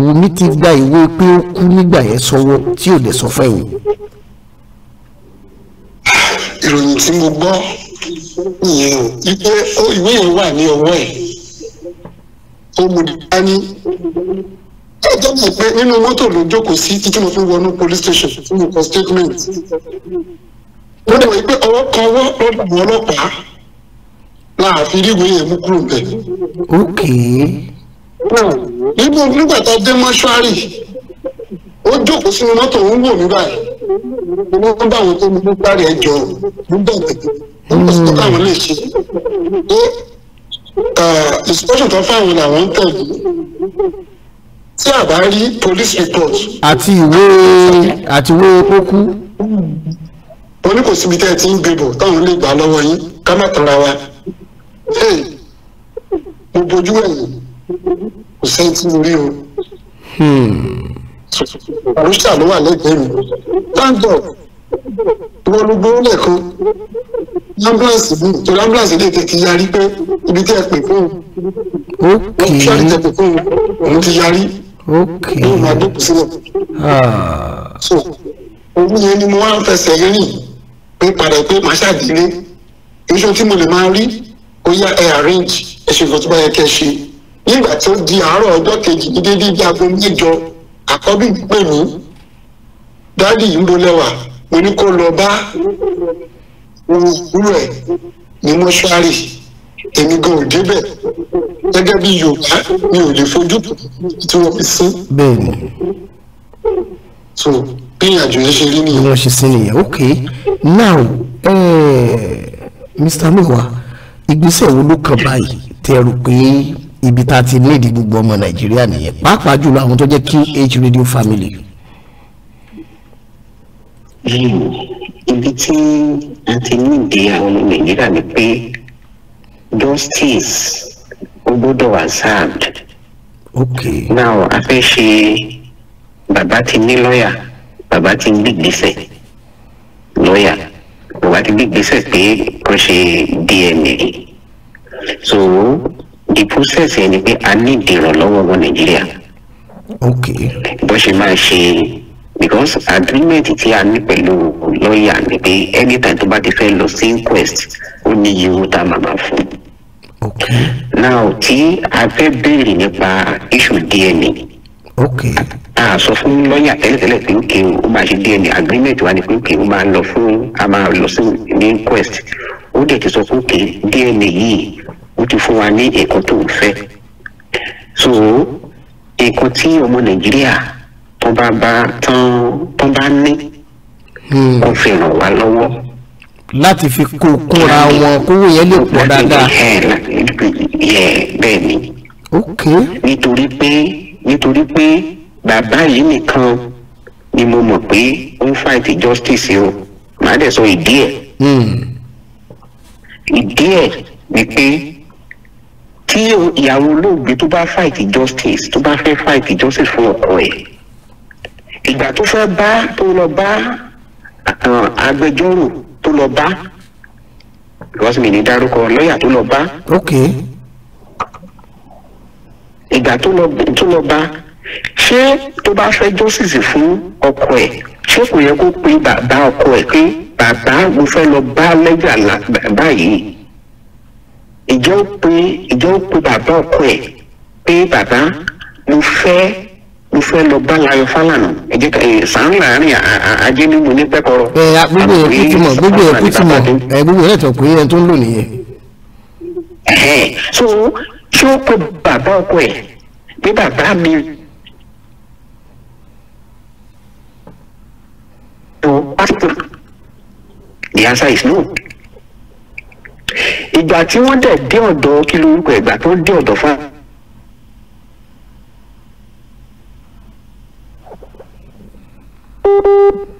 Wùmí ti gba ìwé pé ó kú nígbà yẹn sọwọ́ tí ò dẹ̀ sọ fẹ́yìn.
ìròyìn tí mo gbọ́ nìyẹn o ipe ìwé yẹn wà ní ọwọ́ ẹ̀ ó mú dání ẹ jẹ́ mi pé nínú mọ́tò ló jókòó sí títí mo fi wọnú police station fún mi for statement. ó dẹ̀ wọ́n pé ọwọ́ kan wọ́ lọ́dọ̀ ọlọ́pàá láàfin ìwé yẹn mú kúrò bẹ́ẹ̀. ok. níbo nígbà tá a dé mọ́ṣúárì ó jókòó sínú mọ́tò ń wò mí báyìí mo máa ń bá àwọn tó ń bá rẹ̀ jọ nígbà tètè nígbà tó káwọn lè ṣe pé eh, inspection tó fáwọn làwọn ń tẹ̀lé tí a bá rí police report.
àti ìwé àti ìwé ó kú
ó ní kò síbi tẹ́ ẹ ti ń gbébọ̀ táwọn lè gbà lọ́wọ́ yín ká má tọ́ra wa mo bojú ẹ̀yìn kò sẹ́yìn tí mo rí o. àrùsà ló wà lẹ́gbẹ̀ẹ́ mi dáńdọ̀ wọ́n ló gbówó lẹ́ẹ̀kan ambulance mi torí ambulance lè tètè yarí pé ibi tí ẹ pè fún o wọ́n fi àrí tẹ̀ pè fún un òun ti yarí òun máa dókòó sílẹ̀. Ah. so òun yẹn ni mo wá ń fẹsẹ̀ rìn pé padà pé màá ṣàdílé iṣan tí mo lè máa rí ó yá ẹ arrange ẹ ṣe nǹkan tó bá yẹ kẹ́ ṣe nígbà tó di àárọ̀ ọjọ́ kejì ní dédé bí aago mẹ́jọ àkọ́bí pè mí dáàdì yìí ń bolẹ̀ wà mo ní kó lọ bá òwúrọ̀ ẹ̀ ní mọ́ṣúárì èmi gan ò débẹ̀ gẹ́gẹ́ bí Yorùbá mi ò lè fojú tí wọ́n fi sí.
bẹ́ẹ̀ni. so bí ìrìnàjò yẹn ṣe rí nìyẹn. bí ṣe sí nìyẹn ok now eh, Mr. Miwa ìgbésẹ̀ wo ló kàn báyìí tẹ́ rò pé ibi tá a ti léde gbogbo ọmọ nàìjíríà nìyẹn pàápàá jùlọ àwọn tó jẹ́ KH radio family.
ibi tí a ti níde àwọn ọmọ nàìjíríà ni pé justice ó gbọ́dọ̀ wà served. okay. now a fẹ́ ṣe bàbá ti ní lọ́ọ̀yà bàbá ti ń gbìgbésẹ̀ lọ́ọ̀yà. Okay kò wá ti gbígbésẹ̀ pé wọ́n ṣe DNA so the process yẹn ni pé a ní ìdìrànlọ́wọ́ ọmọ nàìjíríà bó ṣe máa ṣe because agreement tí a ní pẹ̀lú lọ́ọ̀yà ni pé anytime tó bá ti fẹ́ lọ sí inquest ó ní iye tá a máa máa fún. now tí a fẹ́ béèrè nípa issue DNA a sọ fún lọ́ọ̀yà tẹ́lẹ̀tẹ́lẹ̀ pé òkè o máa ṣe DNA agreement wa ni pé òkè ó máa lọ fún a máa lọ sí ní inquest ó dẹ̀ ti sọ pé òkè DNA yìí ó ti fún wa ní nǹkan tó ń fẹ́ so nǹkan tí ọmọ nàìjíríà tó bá bá tán tó bá ní hmm. kó fi ràn wá
lọ́wọ́. láti fi kó kúnra wọn kówó yẹn lè pọ̀ dáadáa. bẹ́ẹ̀ nítorí pé nítorí pé
bàbá yìí nìkan ni mo mọ̀ pé ó ń fight justice o màá dẹ̀ sọ ìdí ẹ̀. Hmm. ìdí ẹ̀ ni pé tí ìyàwó olóògbé tó bá fight justice tó bá fẹ́ fight justice fún ọkọ ẹ̀ ìgbà tó fẹ́ bá tó lọ bá agbẹjọ́rò tó lọ bá lọ́sìn mi ní dárúkọ lọ́ọ̀yà tó lọ bá ìgbà tó lọ bá ṣé tó bá fẹ́ justice fún ọkọ ẹ̀ ṣé kò yẹ kó pe bàbá ọkọ ẹ̀ pé bàbá mo fẹ́ lọ bá lẹ́jà báyìí ìjọ pe ìjọ pe bàbá ọkọ ẹ̀ pé bàbá mo fẹ́ mo fẹ́ lọ bá Láyọ̀ Fálànà ẹ jẹ́ ká ẹ sàn láàrin ajé nínú ní pẹ́kọ̀rọ̀.
ẹ gbogbo ẹ kú tìmọ̀ gbogbo ẹ kú tìmọ̀ ẹ gbogbo ẹ tọ̀ pé ẹ tó ń lò nìyẹn.
so tí ó kó bàbá ọkọ ẹ̀ pé bàbá mi ò pásítọ̀ the answer is no ìgbà tí wọ́n dẹ̀ dé ọ̀dọ̀ kí lórúkọ ìgbà tó dé ọ̀dọ̀ fún Thank you.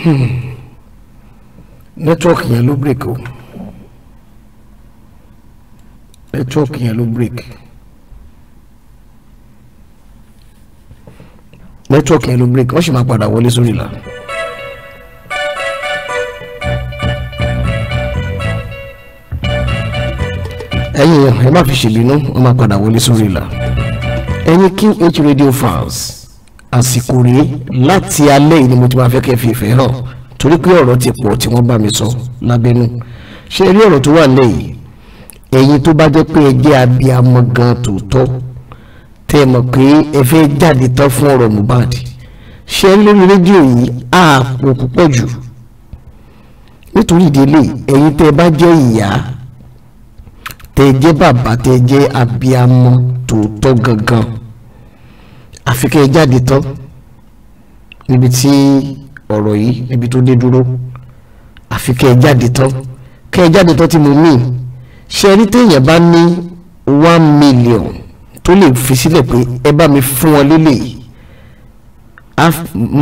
Hmm. network yẹn ló break o network yẹn ló break network yẹn ló break wọ́n sì máa padà wọlé sórí la. ẹ̀yin ẹ má fi ṣèbínú wọ́n máa padà wọlé sórí la ẹ̀yin QH radio fans àsìkò rèé láti alẹ́ yìí ni mo ti máa fẹ́ kẹ́ fi ìfẹ́ hàn torí pé ọ̀rọ̀ ti pọ̀ tí wọ́n bá mi sọ lábẹ́nu ṣé rí ọ̀rọ̀ tó wà lẹ́yìn ẹ̀yin tó bá jẹ́ pé ẹ jẹ́ abiyamọ gan tòótọ́ tẹ́ ẹ mọ̀ pé ẹ fẹ́ jáde tán fún ọ̀rọ̀ Mohbad ṣé lórí rédíò yìí àpò púpọ̀ jù nítorí ìdílé ẹ̀yin tẹ́ bá jẹ́ ìyá tẹ́ jẹ́ bàbá tẹ́ jẹ́ abiyamọ tòótọ́ gangan àfikẹ́ jáde tán níbi tí ọ̀rọ̀ yìí níbi tó dé dúró àfikẹ́ jáde tán kẹ́ jáde tán tí mo mì ṣe rí téèyàn bá ní one million tó lè fi sílẹ̀ pé ẹ bá mi fún wọn lélẹ̀ yìí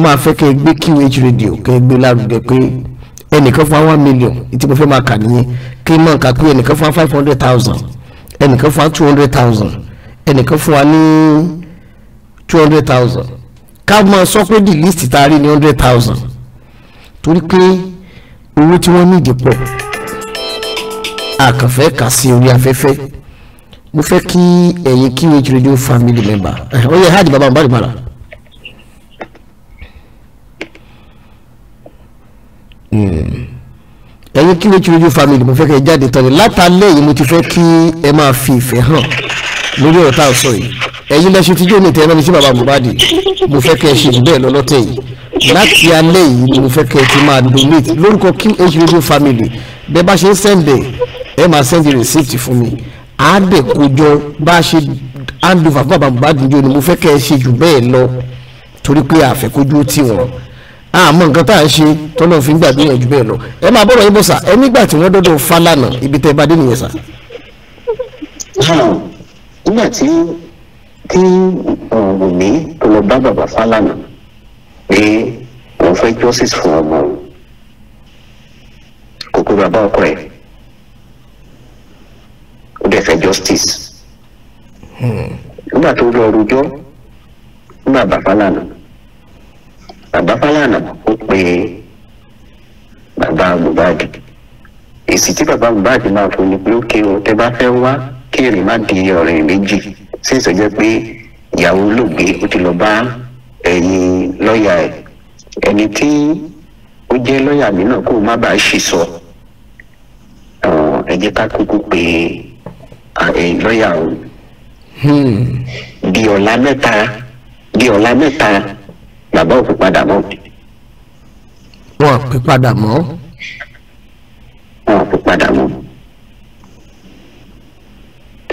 máa fẹ́ kẹ́ gbé QH radio kẹ́ gbé lárugẹ pé ẹnìkan fún one million tí mo fẹ́ máa kà nìyẹn kí n máa kà pé ẹnìkan fún five hundred thousand ẹnìkan fún two hundred thousand ẹnìkan fún wa ní two hundred thousand ká máa sọ pé the list tá a rí ní hundred thousand torí pé owó tí wọ́n nídìí pọ̀ àkànfẹ́ kà sí orí afẹ́fẹ́ mo fẹ́ kí ẹ̀yin QH radio family member ó yẹ hajj baba mbari mara. ẹ̀yin QH radio family mo fẹ́ kí ẹ jáde tán ni látàlẹ́ yìí mo ti fẹ́ kí ẹ máa fi ìfẹ́ hàn lórí ọ̀tá ọ̀sọ́ yìí ẹ̀yin lẹ́sùn tí jóni tẹ́ ẹ̀rọ sí bàbá Mohbad mo fẹ́ kẹ́ ẹ ṣe bẹ́ẹ̀ lọ́lọ́tẹ̀ yìí láti alẹ́ yìí ni mo fẹ́ kẹ́ ẹ ti máa donate lórúkọ QH Radio family bẹ́ẹ̀ bá ṣe ń sẹ́ǹdẹ̀ ẹ máa sẹ́ǹdì rìsíìtì fún mi àádẹ́ kójọ bá a ṣe handover fún bàbá Mohbad jóni mo fẹ́ kẹ́ ẹ ṣe jù bẹ́ẹ̀ lọ torí pé àfẹ́kójú tí wọ́n àmọ́ nǹkan tá à ń ṣe tọ́lọ́ fi ń gbàgbéyànjú bẹ́ẹ̀ lọ ẹ máa bọ̀rọ̀ yín bọ̀ sà ẹ nígbà tí wọ́n dọ́dọ̀ Fálànà ibi tẹ́ ẹ bá dé nìyẹn sà. nígbà tí tí
wùmí tó lọ bá bàbá Fálànà pé òun fẹ́ justice fún ọmọ òun kò pé bàbá ọkọ ẹ̀ ó dẹ̀ fẹ́ justice hmm. nígbà tó lọ rojọ́ fún bàbá Fálànà bàbá Fálànà ó pe bàbá Mohbad èsì tí bàbá Mohbad máa fún ni pé ó kéwọn tẹ bá fẹ́ wá kéèrè má di ọ̀rẹ́ méjì sí ìsọjọ́ pé ìyàwó olóògbé ó ti lọ bá ẹni lọ́ọ̀yà ẹ̀ ẹni tí ó jẹ́ lọ́ọ̀yà mi náà kó o má bàa ṣì sọ ẹ jẹ́ ká kúkú pé lọ́ọ̀yà o hmm. di ọ̀la mẹ́ta di ọ̀la mẹ́ta bàbá òkú padà mọ́.
wọn ò padà mọ́. wọn ò padà mọ́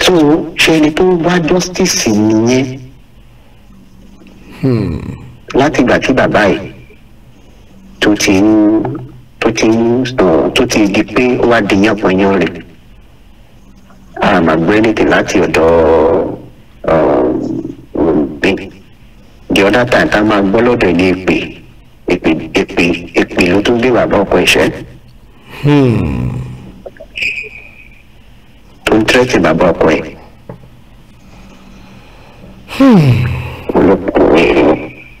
so ṣe ẹni tó ń wá justice nìyẹn hmm. látìgbà tí bàbá yìí tó ti ń tó ti ń tó ti di pé ó wá di yánpọnyán rẹ̀ àmàgbẹ́nìtì láti ọ̀dọ̀ òǹgbẹ di ọ̀dà tàǹtà máa gbọ́ lọ́dọ̀ ní èpè èpè èpè èpè ló tún gbé bàbá ọkọ ìṣẹ́ ń tẹ́tì bàbá ọkọ ẹ̀.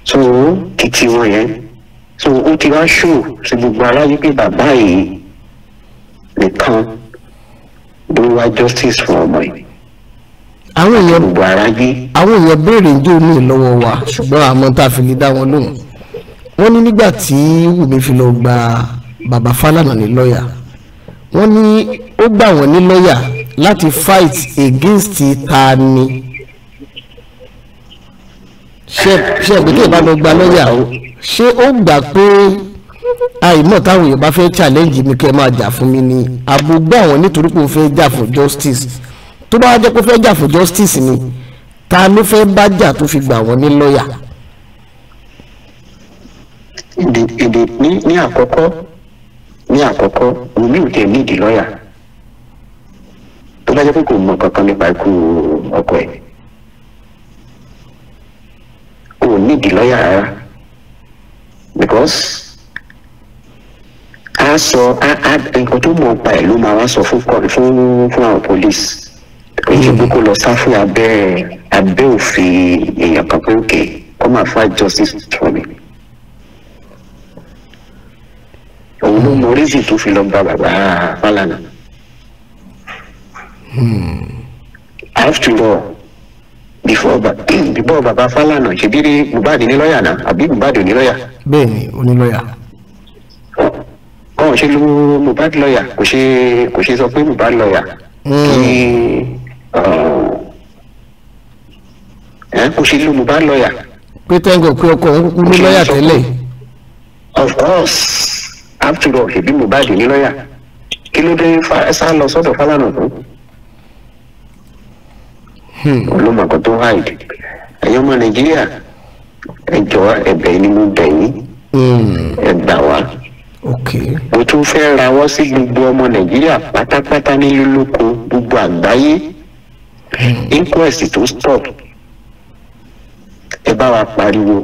so títí wọn yẹn so ó ti wá ṣù sí gbogbo aráyé pé bàbá yìí nìkan ló wá justice fún ọmọ yìí
àwọn èèyàn àwọn èèyàn béèrè ń jó ní lọ́wọ́ wa ṣùgbọ́n àmọ́ tá a da lè dá wọn lóhùn wọ́n ní nígbà tí Wùmí fi lọ gba bàbá Fálànà ní lọ́ọ̀yà wọ́n ní ó gbà wọ́n ní lọ́ọ̀yà láti fight against ta ni ṣe pé tí ìbámu gba lọ́yà o ṣé ó gbà pé àìmọ̀ táwọn èèyàn bá fẹ́ challenge mi kẹ́ máa jà fún mi ni àbúgbọ́ àwọn nítorí pé ó fẹ́ jà fún justice tó bá jẹ́ pé ó fẹ́ jà fún justice ni ta ló fẹ́ bá jà tó fi gbà wọ́n ní lọ́yà. èdè
ní àkọ́kọ́ ní àkọ́kọ́ wùmí ò tẹ̀ ní ìdí lọ́yà tó bá jẹ́ pé kò mọ kankan nípa ikú ọkọ ẹ̀ kò nídìí lọ́yà rárá because a sọ a a nǹkan tó mọ̀ pa ẹ̀ ló máa wá sọ fún fún fún àwọn police èyí bí kò lọ sá fún abẹ́ abẹ́ òfin èèyàn kan pé òkè kọ́ máa fa justice for me. òun ló mọ oríṣi tó fi lọ bá bàbá Fálànà. Hmm. after all before before baba Falana ṣebí rí Mohbad ní lọ́ọ̀yà náà àbí Mohbad ní lọ́ọ̀yà.
bẹ́ẹ̀ni ó ní lọ́ọ̀yà.
kọ́ọ̀ ṣe ló Mohbad lọ́ọ̀yà kò ṣe kò ṣe sọ pé Mohbad lọ́ọ̀yà. Hmm. kí uh, kò ṣe ló Mohbad lọ́ọ̀yà.
pé tẹ́ńgọ̀ pé ọkọ òun kúkú ní lọ́ọ̀yà tẹ́lẹ̀.
of course after all ṣebí Mohbad ní lọ́ọ̀yà kí ló dé sá lọ sọ́dọ̀ Falana tó ló mọ nǹkan tó hide ẹ̀yin ọmọ nàìjíríà ẹ jọ̀ọ́ ẹ̀bẹ̀ ni mo bẹ̀ yín ẹ gbà wá mo tún fẹ́ rawọ́ sí gbogbo ọmọ nàìjíríà pátápátá ní lílóko gbogbo àgbáyé hmm. inquest tó stop ẹ bá wa pariwo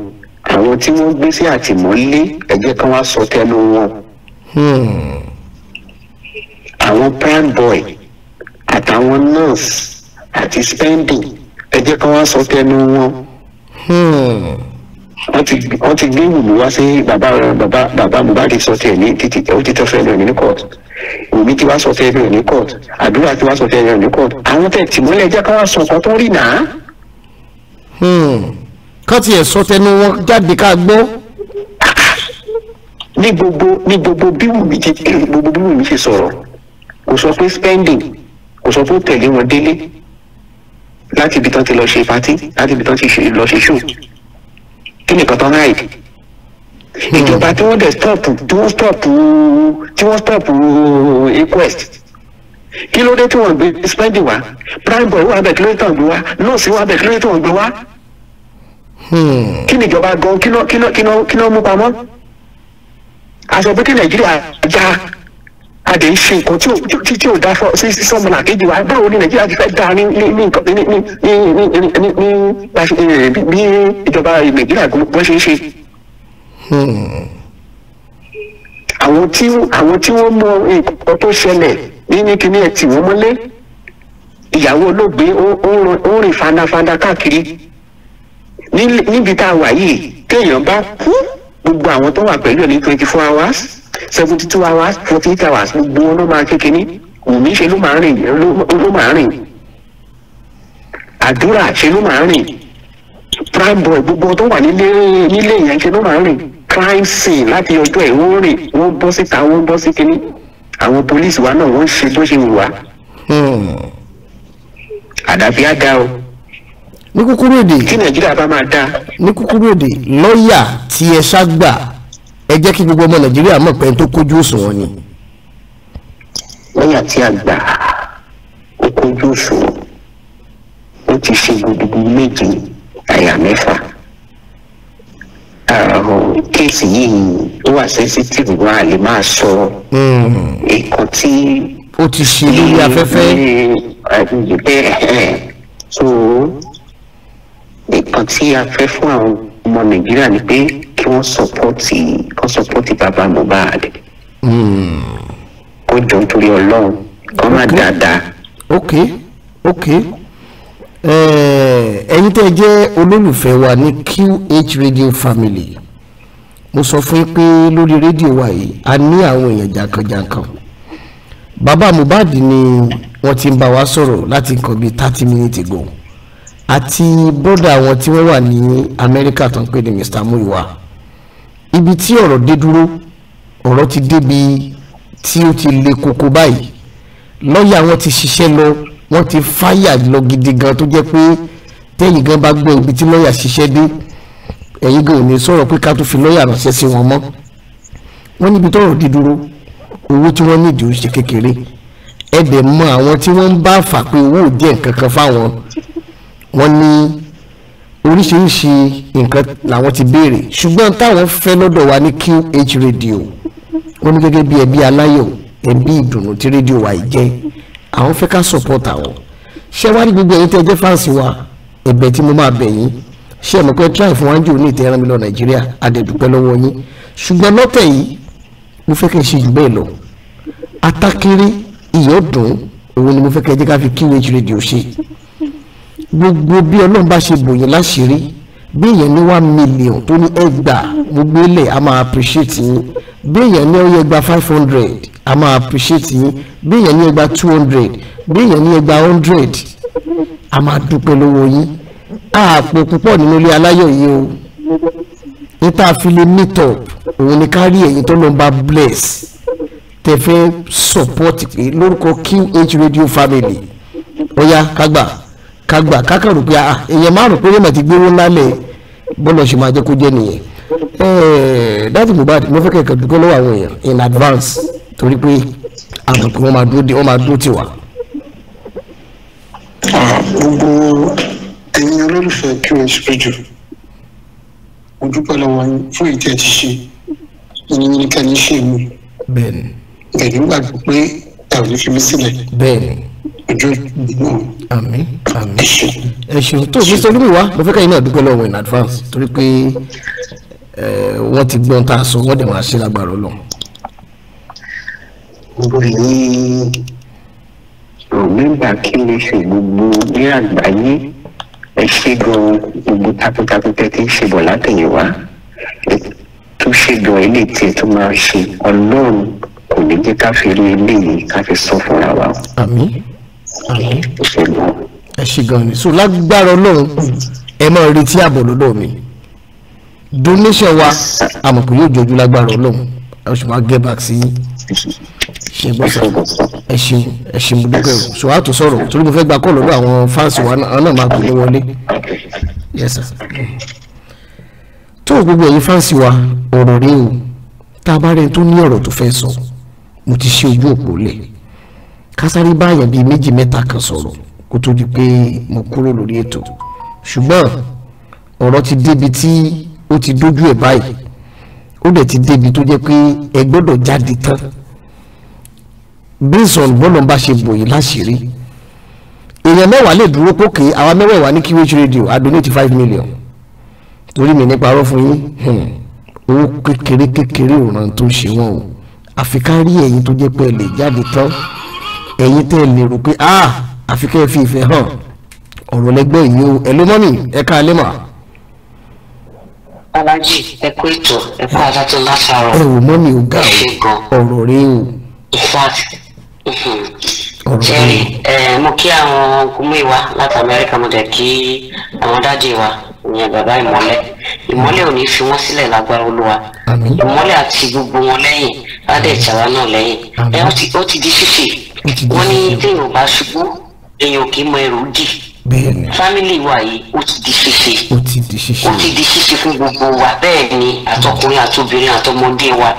àwọn tí wọ́n gbé sí àtìmọ́lé ẹ jẹ́ kí wọ́n sọ tẹnu wọn hmm. àwọn prime boy àtàwọn nurse àti spending ẹ jẹ́ kí wọ́n sọ tẹnu wọn. Hmm. wọ́n ti gbé wùmí wá sí bàbá bàbá bàbá Mohbad sọ tiẹ̀ ní títí ó ti tọ́ fẹ́ lọ ní court wùmí ti wá sọ tẹ́ lọ ní court àdúrà ti wá sọ tẹ́ lọ ní court àwọn tẹ̀ tì mọ́lẹ̀ ẹ jẹ́ kí wọ́n sọ nǹkan tó rí nà á.
Hmm. kán tiẹ̀ sọ tẹnu wọn jáde ká gbọ́ ní gbogbo ní gbogbo bí wùmí ti gbogbo bí wùmí ti sọ̀rọ̀ kò sọ pé spending
kò sọ pé ó tẹ̀lé wọn délé láti ibi tán ti lọ ṣe pati láti ibi tán ti lọ ṣe ṣù kí nìkan tán ráìdì ìjọba tí wọ́n dẹ̀ stop tí wọ́n stop tí wọ́n stop inquest kí ló dé tí wọ́n gbé spending wá prime boy wà bẹ̀ kí ló dé tí wọ́n gbé wá nurse wà bẹ̀ kí ló dé tí wọ́n gbé wá kí ni ìjọba gan kí ló kí ló kí ló mú pamọ́ aṣọ pé kí nàìjíríà já a dẹ̀ ń ṣe nǹkan tí ò tí tí ò dá sí sọ́mọlá kejì wa báwo ni nàìjíríà ti fẹ́ dá ní ní ní ní ní ní ní bí ìjọba nàìjíríà bó ṣe ń ṣe. àwọn tí àwọn tí wọ́n mọ nǹkan tó ṣẹlẹ̀ ní ní kíní ẹ̀ tì wọ́n mọ́lé ìyàwó olóògbé ó rìn fandafanda káàkiri níbi tá a wà yìí téèyàn bá kú gbogbo àwọn tó wà pẹ̀lú ẹ̀ ní twenty four hours seventy two hours forty eight hours gbogbo wọn ló máa ṣe kínní wùmí ṣe ló máa rìn ló máa rìn àdúrà ṣe ló máa rìn prime boy gbogbo tó wà nílé nílé yẹn ṣe ló máa rìn crime scene láti ọjọ́ ẹ̀ wọ́n rìn wọ́n bọ́ síta wọ́n bọ́ sí kínní àwọn pólísì wa náà wọ́n ṣe bó ṣe wù wá.
Hmm. àdàbí á ga o. ní kúkúrú èdè. kí
nàìjíríà bá máa dáa.
ní kúkúrú èdè lọ́ọ̀yà tí ẹ ṣá gbà ẹ jẹ́ kí gbogbo ọmọ nàìjíríà mọ̀ pé tó kójú òṣùwọ̀n ni. lọ́yà tí a gbà ó kójú òṣùwọ̀n ó ti ṣe gbogbo méje àyà mẹ́fà kéèsì yìí ó wà sẹ́sítìfù wa lè máa sọ hmm. nǹkan tí. ó ti ṣe lórí
afẹ́fẹ́. bẹ́ẹ̀ so nǹkan tí a fẹ́ fún àwọn ọmọ nàìjíríà ni pé kí wọ́n sọpọ́tì kọ́ sọpọ́tì bàbá Mohbad. ó jọ nítorí ọlọ́run kọ́ má dáadáa.
ok ok ẹ̀yin eh, tẹ́ jẹ́ wa ní QH Radio Family mo sọ fún yín pé lórí rédíò wa yìí a ní àwọn èèyàn jàǹkànjàǹkàn bàbá Mohbad ni wọ́n ti ń bá wa sọ̀rọ̀ láti nǹkan bíi thirty minutes ago àti bọ́dà wọn tí wọ́n wà ní Amẹ́ríkà tó ń pè ní Mr. Muiwa ibi tí ọ̀rọ̀ dé dúró ọ̀rọ̀ ti débi tí ó ti le koko báyìí lọ́ọ̀yà wọn ti ṣiṣẹ́ lọ wọ́n ti fáyà lọ gidi gan tó jẹ́ pé tẹ́yìn gan bá gbọ́ ibi tí lọ́ọ̀yà ṣiṣẹ́ dé ẹ̀yin gan ò ní sọ̀rọ̀ pé ká tó fi lọ́ọ̀yà ránṣẹ́ sí wọn mọ́ wọ́n níbi tọ́rọ̀ dé dúró owó tí wọ́n ní ìdúró ṣe kékeré ẹ mọ àwọn tí wọ́n ń bá fà pé owó ò díẹ̀ kankan fáwọn wọ́n ní oríṣiríṣi nǹkan làwọn ti béèrè ṣùgbọ́n táwọn fẹ́ lọ́dọ̀ wa ní QH radio wọ́n ní gẹ́gẹ́ bí ẹbí aláyọ̀ ẹbí ìdùnnú tí rédíò wa yìí jẹ́ àwọn fẹ́ ká support àwọn ṣé wàá rí gbogbo ẹ̀yin tẹ́ jẹ́ fáǹsì wa ẹ̀bẹ̀ tí mo máa bẹ̀ yín ṣé ẹ̀ mọ̀ pé try fún wájú ní ìtẹ́ràn mi lọ nàìjíríà adẹ̀dùpẹ́ lọ́wọ́ yín ṣùgbọ́n lọ́tẹ̀ yìí mo fẹ́ kẹ́ ṣe jù bẹ́ẹ̀ lọ atakiri ìyọ́dún òun ni mo fẹ́ kẹ́ jẹ́ ká fi QH radio ṣe gbogbo bí ọlọ́run bá ṣe bòyìn láṣìírí bí èèyàn ní one million tó ní ẹgbà gbogbo ilẹ̀ a máa appreciate yín bí èèyàn ní ọyẹ gba five hundred a máa appreciate yín bí èèyàn ní ẹgbà two hundred bí èèyàn ní ẹgbà hundred a máa dúpẹ́ lọ́wọ́ yín àpò púpọ̀ nínú ilé aláyọ̀ yìí o níta fi lè meet up òun ni ká rí ẹ̀yin tó lọ́n bá bless tẹ support pé lórúkọ QH radio family ó yá ká gbà ká kàn rò pé ah, èèyàn márùn péré mà ti gbówó ńlá lẹ̀ bọ́lọ̀ ṣe máa jẹ́ kó jẹ́ nìyẹn eh, dáàtì Mohbad mo fẹ́ kẹ̀kẹ́ dúpẹ́ lọ́wọ́ àwọn èèyàn in advance torí pé àwọn pé wọ́n máa dúró de wọ́n máa dúró tiwa.
gbogbo ẹ̀yin olólùfẹ́ QH Radio mo dúpẹ́ lọ́wọ́ fún ìtẹ́ ti ṣe ìyẹn ní ká ní ṣe mú. bẹ́ẹ̀ni. bẹ́ẹ̀ni ó gbàgbọ́ pé ẹ ò ní fi mí sílẹ̀. bẹ́ẹ̀ni. ọjọ́ ìgbìmọ̀
àmín àmín ẹ ṣeun tó mr olúmiwá mo fẹ́ káyìn náà dúpẹ́ lọ́wọ́ in advance torí pé wọ́n ti gbọ́n tá a sọ wọ́n dẹ̀ máa ṣe lágbára lọ.
gbogbo yìí rògbìngbà kí lè ṣe gbogbo ní àgbáyé ẹ ṣe gan gbogbo takuntakun tẹ ti ń ṣe bọ̀ látẹ̀yìnwá tó ṣe gan ilé tiẹ̀ tó
máa ṣe ọlọ́run kò ní jẹ́ ká fi rí eléyìí ká fi fúnra wa ẹ ṣe gan ni so lágbára Ọlọ́run ẹ máa retí ààbọ̀ lọ́dọ̀ mi donation wa àmọ́ kò yóò jọjú lágbára Ọlọ́run ẹ ṣùgbọ́n a get back sí ṣe gbọ́ sọ ẹ ṣeun ẹ ṣe mo dúpẹ́ o so a tún sọ̀rọ̀ torí mo fẹ́ gba kọ́ lọ́dọ̀ àwọn fáǹsì wa náà máa gbé wọlé yes sir tó gbogbo ẹ̀yin fáǹsì wa ọ̀rọ̀ rèé o tá a bá rẹ̀ tó ní ọ̀rọ̀ tó fẹ́ sọ mo ti ṣe ojú òpó lẹ̀ kásáré báyàn bíi méjì mẹ́ta kan sọ̀rọ̀ kó tó di pé mo kúrò lórí ètò ṣùgbọ́n ọ̀rọ̀ ti débi tí ó ti dójú ẹ̀ báyìí ó dẹ̀ ti débi tó jẹ́ pé ẹ gbọ́dọ̀ jáde tán based on bọ́lọ̀ bá ṣe bòyí láṣìírí èèyàn mẹ́wàá lè dúró pókè àwa mẹ́wàá wà ní QH radio a five million torí mi nípa ọ̀rọ̀ fún yín hmm, owó kékeré kékeré òràn tó ṣe wọn o àfi ká tó jẹ́ pé ẹ lè jáde tán ẹ̀yin tẹ́ lérò pé ah àfi kẹ́ ẹ fi ìfẹ́ hàn ọ̀rọ̀ lẹ́gbẹ́ yìí o ẹ ló mọ́ mi ẹ ká lẹ́mà.
alájì ẹ kú ètò ẹ kú adájọ látàrọ ẹ wò mọ́ mi O ga
ọ̀rọ̀ rẹ o. jẹ́rì
ẹ mo kí àwọn gúnmí wa láti amẹ́ríkà mo dẹ̀ kí àwọn dájì wa ìyẹn bàbá ìmọ́lẹ̀ ìmọ́lẹ̀ ò ní fi wọ́n sílẹ̀ lágbára olúwa ìmọ́lẹ̀ àti gbogbo wọn lẹ́yìn ládẹ̀ ìjàlá náà lẹ́yìn ẹ ó ti di fífi wọ́n ní téèyàn bá ṣubú èèyàn kì
í mọ ẹrù dì
fámìlì wa yìí ó ti di ṣíṣe ó ti di ṣíṣe fún gbogbo wa bẹ́ẹ̀ ni àtọkùnrin àtobìnrin àtọmọdé wa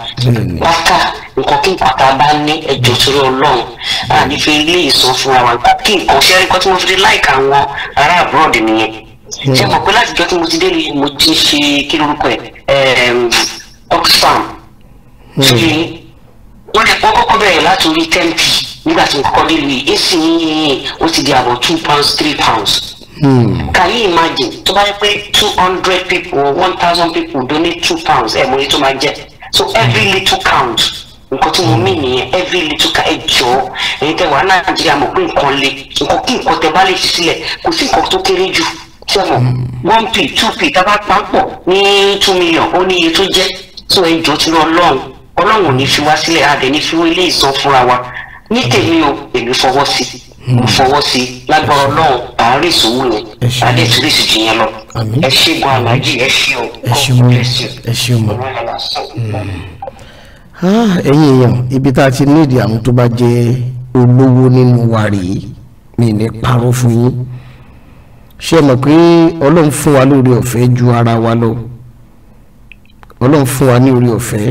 pátá nǹkan kí nǹkan tá a bá ní ẹjọ́ sórí Ọlọ́run àdìfẹ ilé ìsan fúnra wa kí nǹkan ṣe
rí kọ́ tí mo fi láìka àwọn ará abroad nìyẹn ṣe mọ̀ pé láti jọ́ tí mo ti dé mo ti ń ṣe kí lórúkọ ẹ̀
Oxfam hmm. wọ́n lè kọ́kọ́ bẹ̀rẹ̀ láti orí ten nígbà tí nǹkan bí lu yìí sì ń ó ti di about two pounds three pounds. Hmm. can you imagine tó bá yẹ pé two hundred people or one thousand people donate two pounds ẹ̀ mo ní tó máa jẹ́ so every little count nǹkan tí mo mí nìyẹn every little count ẹ
jọ ẹ̀yin tẹ́ wà nàìjíríà mọ̀ pé nǹkan le nǹkan kí nǹkan tẹ́ bá lè fi sílẹ̀ kò sí nǹkan tó kéré jù seven hmm. one p
two p tá a bá pa pọ̀ ní two million ó ní iye tó jẹ́ so ẹ jọ tí lọ ọlọ́run ọlọ́run ò ní fi wá sílẹ̀ adẹ̀ ní fi wọ́n ilé ìsan fúnra wa
ní tèmi o èmi fọwọ́ sí hmm. mo fọwọ́ sí lágbára ọlọ́run àárẹ̀ ìṣòwò yẹn adé ìṣòwò jù yẹn lọ
ẹ
ṣe gan aláàjì ẹ ṣe o ẹ ṣe o ẹ ṣe o hmm. ah, ẹ̀yin èèyàn ibi tá a ti nídìí àwọn tó bá jẹ́ olówó nínú wa rèé mi ní parọ́ fún yín ṣé ẹ mọ̀ pé ọlọ́run fún wa lórí ọ̀fẹ́ ju ara wa lọ ọlọ́run fún wa ní orí ọ̀fẹ́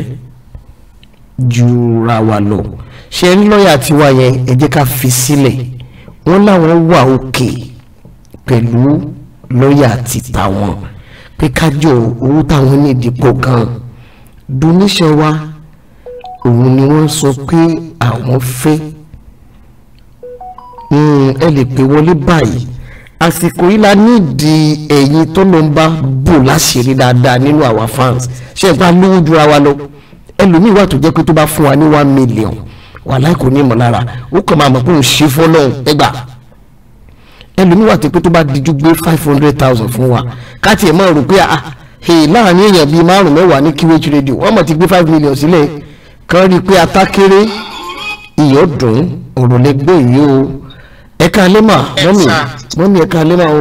ju ra wa lọ ṣe rí lọ́ọ̀yà tiwa yẹn ẹ jẹ́ ká fi sílẹ̀ wọ́n láwọn wà òkè pẹ̀lú lọ́ọ̀yà ti tàwọn pé kájọ owó táwọn ní ìdìpọ̀ gan donation wa òun ni wọ́n sọ pé àwọn fẹ́ hmm, ẹ lè pè wọlé báyìí àsìkò yìí la nídìí ẹ̀yin tó ló ń bá bò láṣìírí dáadáa nínú àwa fans ṣe é bá lówó ju ara wa lọ ẹlòmíì wà tó jẹ́ pé tó bá fún wa ní one million wàhálà kò ní ìmọ̀lára ó kàn máa mọ̀ pé òun ṣe fọ́lọ́hún ẹgbà ẹlòmíwà tí pé tó bá dijú gbé five hundred thousand fún wa káti ẹ̀ máa rò pé ah hey láàrin èèyàn bíi márùn mẹ́wàá ní QH radio wọ́n mọ̀ ti gbé five million sílẹ̀ kan rí i pé atákéré iyọ̀ dùn ọ̀rọ̀ yìí o ẹ ká lé mà mọ́mì mọ́mì ẹ ká lé mà o.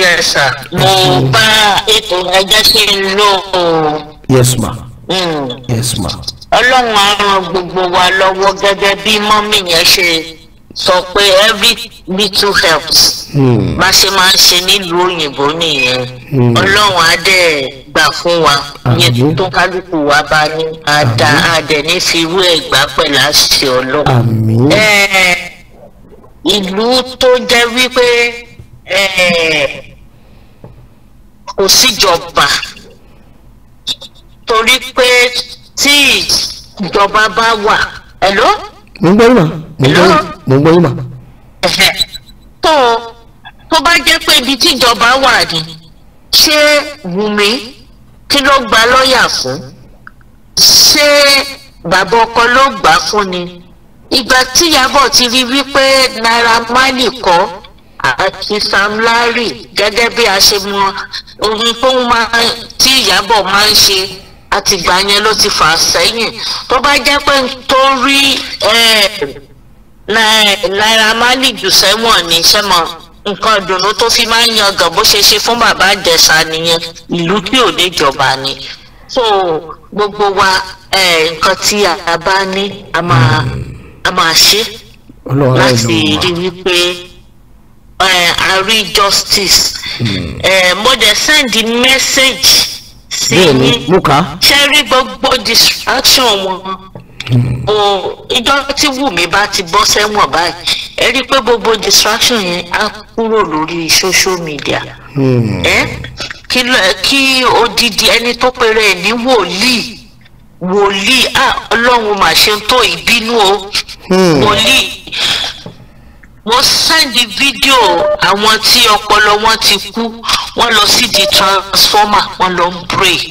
yes sir mo bá ètò ẹjẹ ṣe lò.
yes ma.
Mm
ọlọ́run á ran gbogbo wa lọ́wọ́ gẹ́gẹ́ bí mọ́mì yẹn ṣe sọ pé every little helps hmm. bá ṣe máa ń ṣe nílùú òyìnbó nìyẹn hmm. ọlọ́run á dẹ̀ gbà fún wa yẹn tó kálukú wa bá ní àdá àdẹ̀ ní fi irú ẹ̀ gbà pẹ̀lú àṣìṣe ọlọ́run ìlú tó jẹ́ wípé kò síjọba torí pé tí ìjọba bá wà ẹ̀lọ́.
mo ń gbọ́ yín mà mo ń gbọ́ yín mo ń gbọ́ yín mà.
tó tó bá jẹ́ pé ibi tí ìjọba wà ni ṣé Wùmí kí ló gba lọ́ọ̀yà fún ṣé bàbá ọkọ ló gbà fún ni ìgbà tí Ìyábọ̀ ti rí wípé Naira Marley kọ́ àti Sam Larry gẹ́gẹ́ bí a ṣe mọ ohun tó máa tí Ìyábọ̀ máa ń ṣe àtìgbà yẹn ló ti fà sẹ́yìn tó bá jẹ́ pé nítorí Naira Marley jù sẹ́wọ̀n ní sẹ́mọ̀ nǹkan ìdùnnú tó fi máa ń yangàn bó ṣe ṣe fún bàbá Ìjẹ̀ṣà nìyẹn ìlú tí ò níjọba ni so gbogbo wa nǹkan tí a bá ní a máa ṣe
láti rí
wípé a rí justice
hmm.
mo dẹ̀ send message sí yín ṣe rí gbogbo distraction wọn ìjọ hmm. tí Wùmí bá ti bọ́ sẹ́wọ̀n báyìí ẹ rí i pé gbogbo distraction yẹn á kúrò lórí social media
hmm. ẹ
kí odidi ẹni tó péré ẹ ní wòlíì wòlíì ọlọ́run mà ṣe ń tó ìbínú o
hmm. wòlíì
wọ́n sẹ́ndì fídíò àwọn tí ọpọlọ wọn ti kú wọ́n lọ sí di transformer wọ́n lọ ń pray.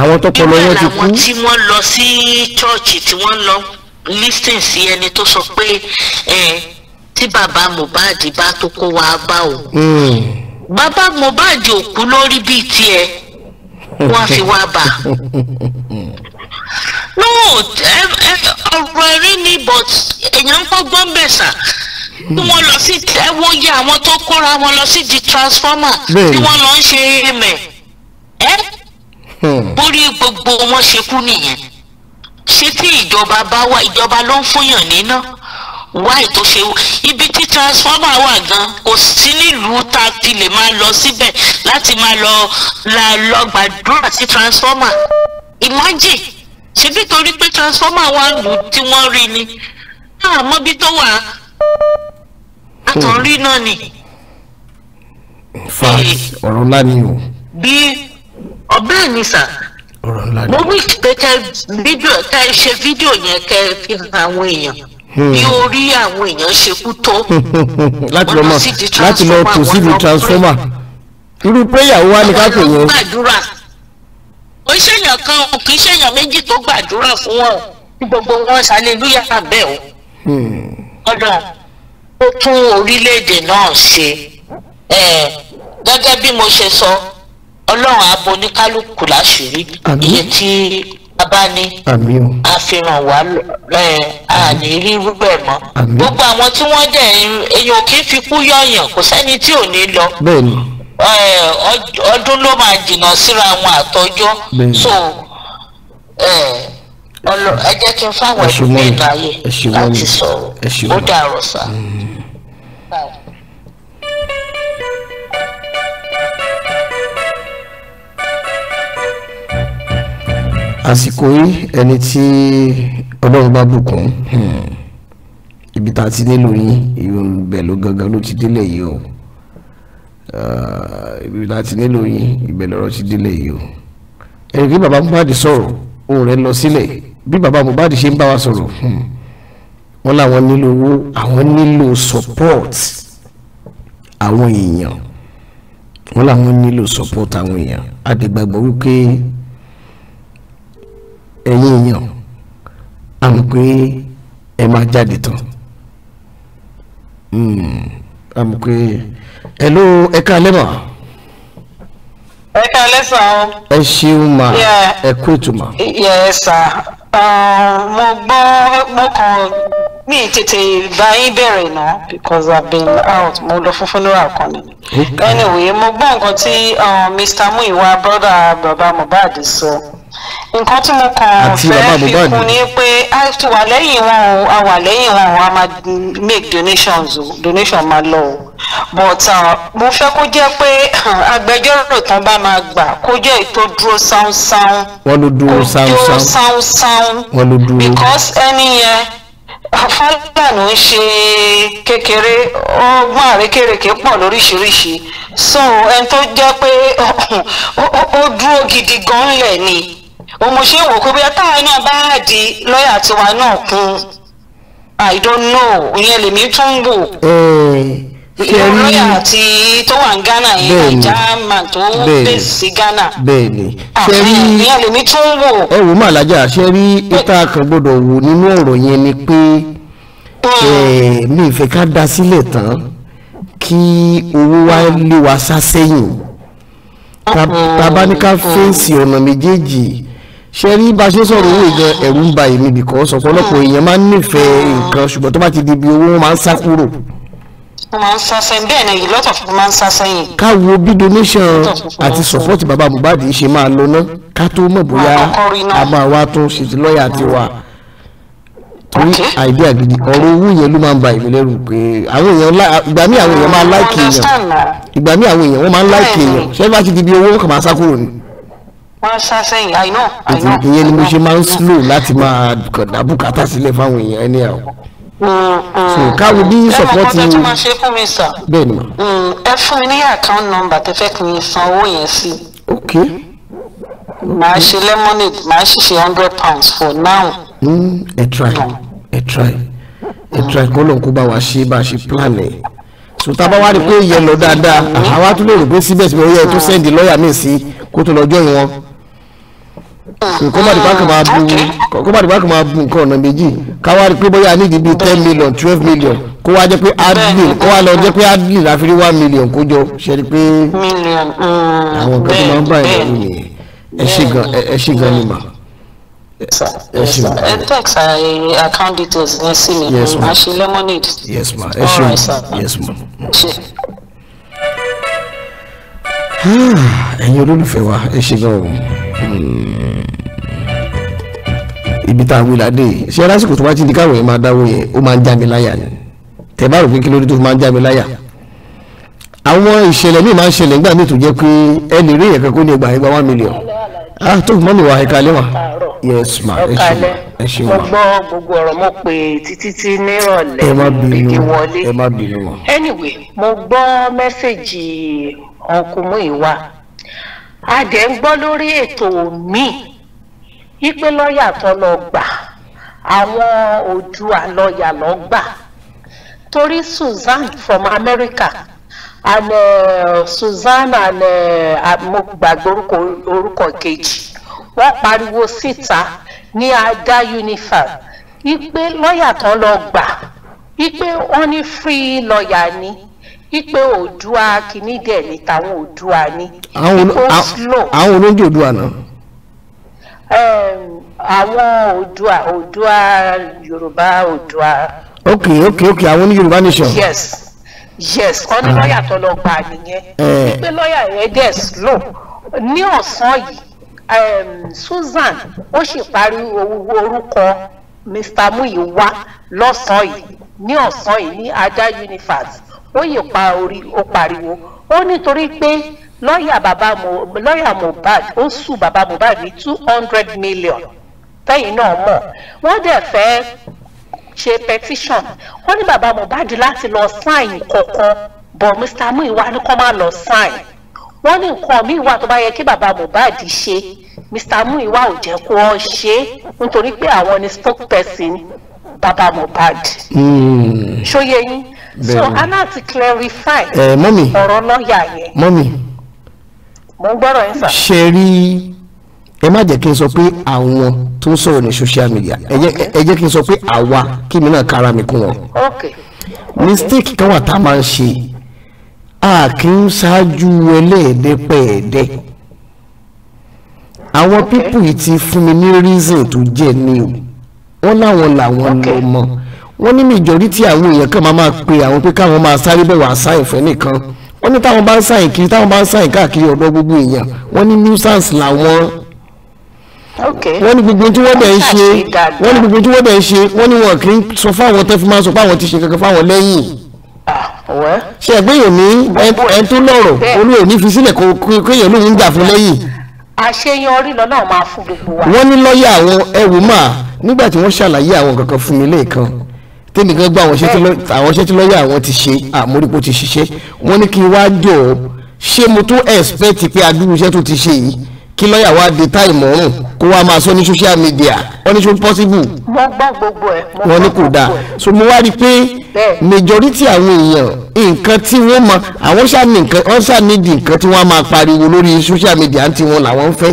àwọn tọpọlọ wọn ti kú. ìwé làwọn tí
wọ́n lọ sí chọ́ọ̀chì tí wọ́n lọ lísìn sí ẹni tó sọ pé tí bàbá Mohbad bá tó kó wa bá o. Hmm. bàbá Mohbad ò kú lórí bíi tiẹ̀ wọ́n fi wá bà á. no ọ̀rọ̀ ẹ̀rí ni but èèyàn ń kọ́gbọ́n bẹ̀ sà kí wọ́n lọ sí ẹ wo iye àwọn tó kóra wọn lọ sí di transformer tí wọ́n lọ ń ṣe emẹ̀ ẹ́ hmm. borí gbogbo wọn ṣe kú nìyẹn ṣé tí ìjọba bá wá ìjọba ló ń fúnyàn níná wáì tó ṣe ibi tí transformer wà gan kò sí nílùú tá a ti lè máa lọ síbẹ̀ láti máa lọ la lọ gbàdúrà sí transformer imagine ṣe nítorí pé transformer wà lù tí wọ́n rí ni náà mọ́bí tó wà àtọ̀rí hmm. náà ni.
fa ọ̀rọ̀ ńlá ni o.
bí ọ̀bẹ́ mi sà ọ̀rọ̀ ńlá ni. mo wí pé kẹ fídíò kẹ ṣe fídíò yẹn kẹ fi hàn àwọn èèyàn hmm. bí orí àwọn èèyàn ṣe kú tó.
láti lọ mọ láti lọ tòsí ìlú transformer irú prayer wo wá ní ká pè yẹn
ó ń ṣèyàn kan ò kì í ṣèyàn méjì tó gbàdúrà fún wọn ní gbogbo wọn ṣàlélúyà bẹ́ẹ̀ o. Hmm. ọ̀dà ó tún orílẹ̀-èdè náà ṣe gẹ́gẹ́ bí mo ṣe sọ ọlọ́run ààbò oníkálukú láṣìírí iye tí a bá ní àfihàn wà àní rírú bẹ́ẹ̀ mọ́ gbogbo àwọn tí wọ́n dẹ̀ èèyàn kì í fi kú yọ̀yàn kò sẹ́ni tí ò ní lọ. bẹ́ẹ̀ ni Eh, ọdún ló máa jìnnà síra wọn àtọjọ́ so eh, ẹ jẹ́ kí n fáwọn ẹlòmíì láàyè láti sọ̀rọ̀ ó dàrọ̀ sá. Mm.
àsìkò yìí ẹni tí ọlọ́run bá bùkún hmm, ibi tá a ti nílò yín ìròyìn bẹ̀ ló gangan ló ti délẹ̀ yìí o ibi láti nílò yín ibẹ̀ lọ́rọ̀ ti délé yìí o ẹ̀rì kí bàbá Mohbad sọ̀rọ̀ òun rẹ̀ lọ sílẹ̀ bí bàbá Mohbad ṣe ń bá wa sọ̀rọ̀ hmm, wọ́n láwọn nílò owó àwọn nílò support àwọn èèyàn wọ́n láwọn nílò support àwọn èèyàn àdìgbàgbọ́ wípé ẹ̀yin èèyàn à pé ẹ máa jáde tán à hmm, pé hello ẹ káalẹ́ mà.
ẹ káalẹ́ sà o.
ẹ ṣeun mà ẹ kú ìtumọ̀.
yẹ sà um, mo gbọ́ mo kàn mi tètè bá yín bẹ̀rẹ̀ náà because i've been out mo lọ fún funeral kan ni. anyway mo gbọ́ nǹkan tí Mr. Um, Muiwa brother baba Mohbad sọ. So nǹkan tí mo kàn fẹ́ fi kún ni pé a ti wà lẹ́yìn wọn o a wà lẹ́yìn wọn o a máa make donations o donation máa lọ o but uh, mo fẹ́ kó jẹ́ pé agbẹjọ́rò tán bá máa gbà kó jẹ́ ètò dúró sáúnsáún wọ́n ló dúró sáúnsáún
wọ́n because
ẹni yẹn fúlàní ń ṣe kékeré ọgbọ́n àrékèrèké pọ̀ lóríṣiríṣi so ẹni tó jẹ́ pé ó dúró gidi gan-an lẹ̀ ni òun mo ṣe ń wò pé bóyá táwa náà bá di lọ́ọ̀yà tiwa náà kún i don't know ìyẹn lèmi tún ń wò
eh,
lọ́yà tí tó wà ní Ghana yẹn german tó bèsì sí Ghana
bẹ́ẹ̀ni ah, ṣẹ́rí ìyá lèmi tó ń wò. ẹ wò má lájà ṣẹ́rí ìta kan gbọ́dọ̀ wò nínú ọ̀rọ̀ yẹn ni pé hmm. eh, mi ìfẹ́ ká da sílẹ̀ tán kí owó wa lé wa sá sẹ́yìn tá hmm. bá hmm. ọ̀nà méjèèjì ṣe rí bá ṣe sọ̀rọ̀ owó ìgan ẹ̀rù ń ba èmi because ọ̀pọ̀lọpọ̀ èèyàn máa ń nífẹ̀ẹ́ nǹkan ṣùgbọ́n tó bá ti di ibi owó wọn máa ń sá kúrò. wọ́n
máa ń sá sẹ́yìn bẹ́ẹ̀ náà lot of máa ń sá sẹ́yìn.
ká bí donation àti support bàbá Mohbad ṣe máa lọ ná ká tó mọ̀ bóyá a máa wá tó ṣe ti lọ́ọ̀yà àti wa torí àìdí àgidi ọ̀rọ̀ owó yẹn ló máa ń ba èmi lẹ́rù pé àwọn èèyàn ìgbà míì àwọn èèyàn máa ń láìkì èèyàn ìgbà míì àwọn èèyàn wọ́n máa ń láìkì èèyàn ṣé bá ti di ibi owó wọn máa sá kúrò ni
wọ́n sá sẹ́yìn àìná àìná. ìyẹn ni mo ṣe máa ń
slow láti máa kọ̀dá bùkátà sílẹ̀ fáwọn èèyàn ẹni àwọn.
so mm, mm. káwo bí support yìí. ẹ mọ̀ kọ́tẹ́ tó máa ṣe fún mi sà. bẹ́ẹ̀ ni. Mm, ẹ fún mi ní account number tẹ́ fẹ́ kí n san owó yẹn sí. ok. màá ṣe lemonade màá ṣì hundred pounds for now.
Hmm, ẹ try ẹ try ẹ try kọ́ lóun kó bá wa ṣe bá a ṣe plan ẹ̀ so tá a bá wá rí i pé yẹn lọ dáadáa àwa tún lè rò pé síbẹ̀síbẹ̀ ó yẹ tó sẹ́ndì lọ́ọ̀yà mi sí kó tó lọ́jọ́ yìí kó má dìbò àkàmà bu nǹkan ọ̀nà méjì káwá rí pé bóyá nídìí bíi ten million twelve million kó wá jẹ́ pé adlin kó wá lọ jẹ́ pé adlin láfi rí one million kó jọ ṣe rí pé mm, àwọn nǹkan tó máa ń bá ẹ̀ lọ́wọ́ nìyẹn ẹ ṣe gan ẹ ṣe gan ni mà
ẹ ṣe ma ẹ text account details ní sí mi a ṣe lemonade
yes ma ẹ ṣe ma yes ma ẹ̀yin olólùfẹ́ wa ẹ ṣe gan o. Hmm ibi tá a wí ládé ṣé lásìkò tó bá ti di káwọn yẹn máa dáwó yẹn ó máa ń já mi láyà ni tẹ bá rò pé kí ló dé tó fi máa ń já mi láyà àwọn ìṣẹ̀lẹ̀ míì máa ń ṣẹlẹ̀ nígbà míì tó jẹ́ pé ẹ rí ìyẹ̀kẹ́ kó ní ẹgbàá ẹgbàá one million ah tó mọ́ mi wà ẹ̀ka lẹ́wà yes ma ẹ ṣe wa ẹ ṣe wa. mo gbọ́
gbogbo ọ̀rọ̀ mo pè títí tí nírọ̀lẹ́ ìdí wọlé ẹ
má bínú wọn.
anyway mo gbọ́ mẹ́sẹ̀gì ọkùnrin wa a dẹ̀ ń gbọ́ lórí ètò míì wípé lọ́ọ̀yà tó lọ gbà àwọn Oòduà lọ́ọ̀yà lọ gbà torí suzanne from America and uh, suzanne and uh, mo gbàgbé orúkọ kejì pariwo síta ní ada uniform ipe lọ́ọ̀yà tó lọ gbà ipe wọn ní free lọ́ọ̀yà ni wípé Oòduà kìíní dẹ̀ ní tàwọn Oòduà ni. àwọn
olóńgbò Oòduà náà.
Um, àwọn Oòduà Oòduà Yorùbá Oòduà.
ok ok ok àwọn ní Yorùbá nation. yes
yes wọ́n ní lọ́ọ̀yà tó lọ gbà nìyẹn eh. wípé lọ́ọ̀yà yẹn dẹ̀ slow ní ọ̀sán yìí um, Susan ó sì parí orúkọ Mr Muyiwa lọ́sàn yìí ní ọ̀sán yìí ní Ada Universe ó yè pa orí ó pariwo ó nítorí pé lọ́ọ̀yà bàbá lọ́ọ̀yà Mohbad ó sùn bàbá Mohbad ní two hundred million tẹ́yìn náà mọ̀ wọ́n dẹ̀ fẹ́ ṣe petition wọ́n ní bàbá Mohbad láti lọ sáìn kankan bọ̀ Mr. Muiwa ní kó má lọ sáìn wọ́n ní nǹkan míì wà tó bá yẹ kí bàbá Mohbad ṣe Mr. Muiwa ò jẹ́ kó ọ ṣe nítorí pé àwọn ni spokesperson bàbá Mohbad.
Hmm. ṣó
yẹ yín so a láti clarify eh, ọ̀rọ̀ lọ́ọ̀yà yẹn. mọ́mì mo ń gbọ́rọ̀ yín sà. ṣe
rí ẹ má jẹ́ kí n sọ pé àwọn tó ń sọ̀rọ̀ ní social media ẹ jẹ́ kí n sọ pé àwa kí mi náà kára mi kún wọn. mistake kan wà tá a máa ń ṣe a kì í ṣáájú ẹlẹ́ẹ̀dẹ́ pẹ̀ẹ́dẹ́ àwọn pípù yìí ti fún mi ní reason tó jẹ́ ni o wọ́n láwọn làwọn lọ mọ́ wọ́n ní majority àwọn èèyàn kan máa máa pe àwọn pé káwọn máa sáré bẹ̀ wá sáì fún ẹnìkan. Okay wọ́n ní táwọn bá ń sàyìn kiri táwọn bá ń sàyìn káàkiri ọ̀dọ̀ gbogbo èèyàn wọ́n ní nuisance làwọn
wọ́n ní
gbogbo tí wọ́n bẹ̀ ń ṣe wọ́n ní gbogbo tí wọ́n bẹ̀ ń ṣe wọ́n ní wọn kì í sọ fáwọn tẹ́ fi máa sọ fáwọn ti ṣe kankan fáwọn lẹ́yìn ṣe ẹgbẹ́ yòó ní ẹni tó lọ́rọ̀ olú ò ní fi sílẹ̀ kéèyàn lóun ń jà fún lẹ́yìn.
àṣeyọrí lọ́nà máa fún gbogbo wa. wọ́n
ní lọ́ọ̀yà tẹnìkan gba àwọn iṣẹ́ tí lọ́ọ̀yà àwọn ti ṣe àmórípò ti ṣiṣẹ́ wọ́n ní kí n wá jọ ọ́ ṣé mo tún expect pé adúrú tó ti ṣe yìí kí lọ́ọ̀yà wá di táì mọ́rùn kó wá máa sọ ní social media wọ́n ní ṣó possible.
mo gbọ́ gbogbo ẹ̀.
wọ́n ní kò dáa so mo wá rí i pé majority àwọn èèyàn nǹkan tí wọ́n mọ àwọn ṣàní nǹkan wọ́n ṣàní di nǹkan tí wọ́n máa pariwo lórí social media àti wọn làwọn ń fẹ́.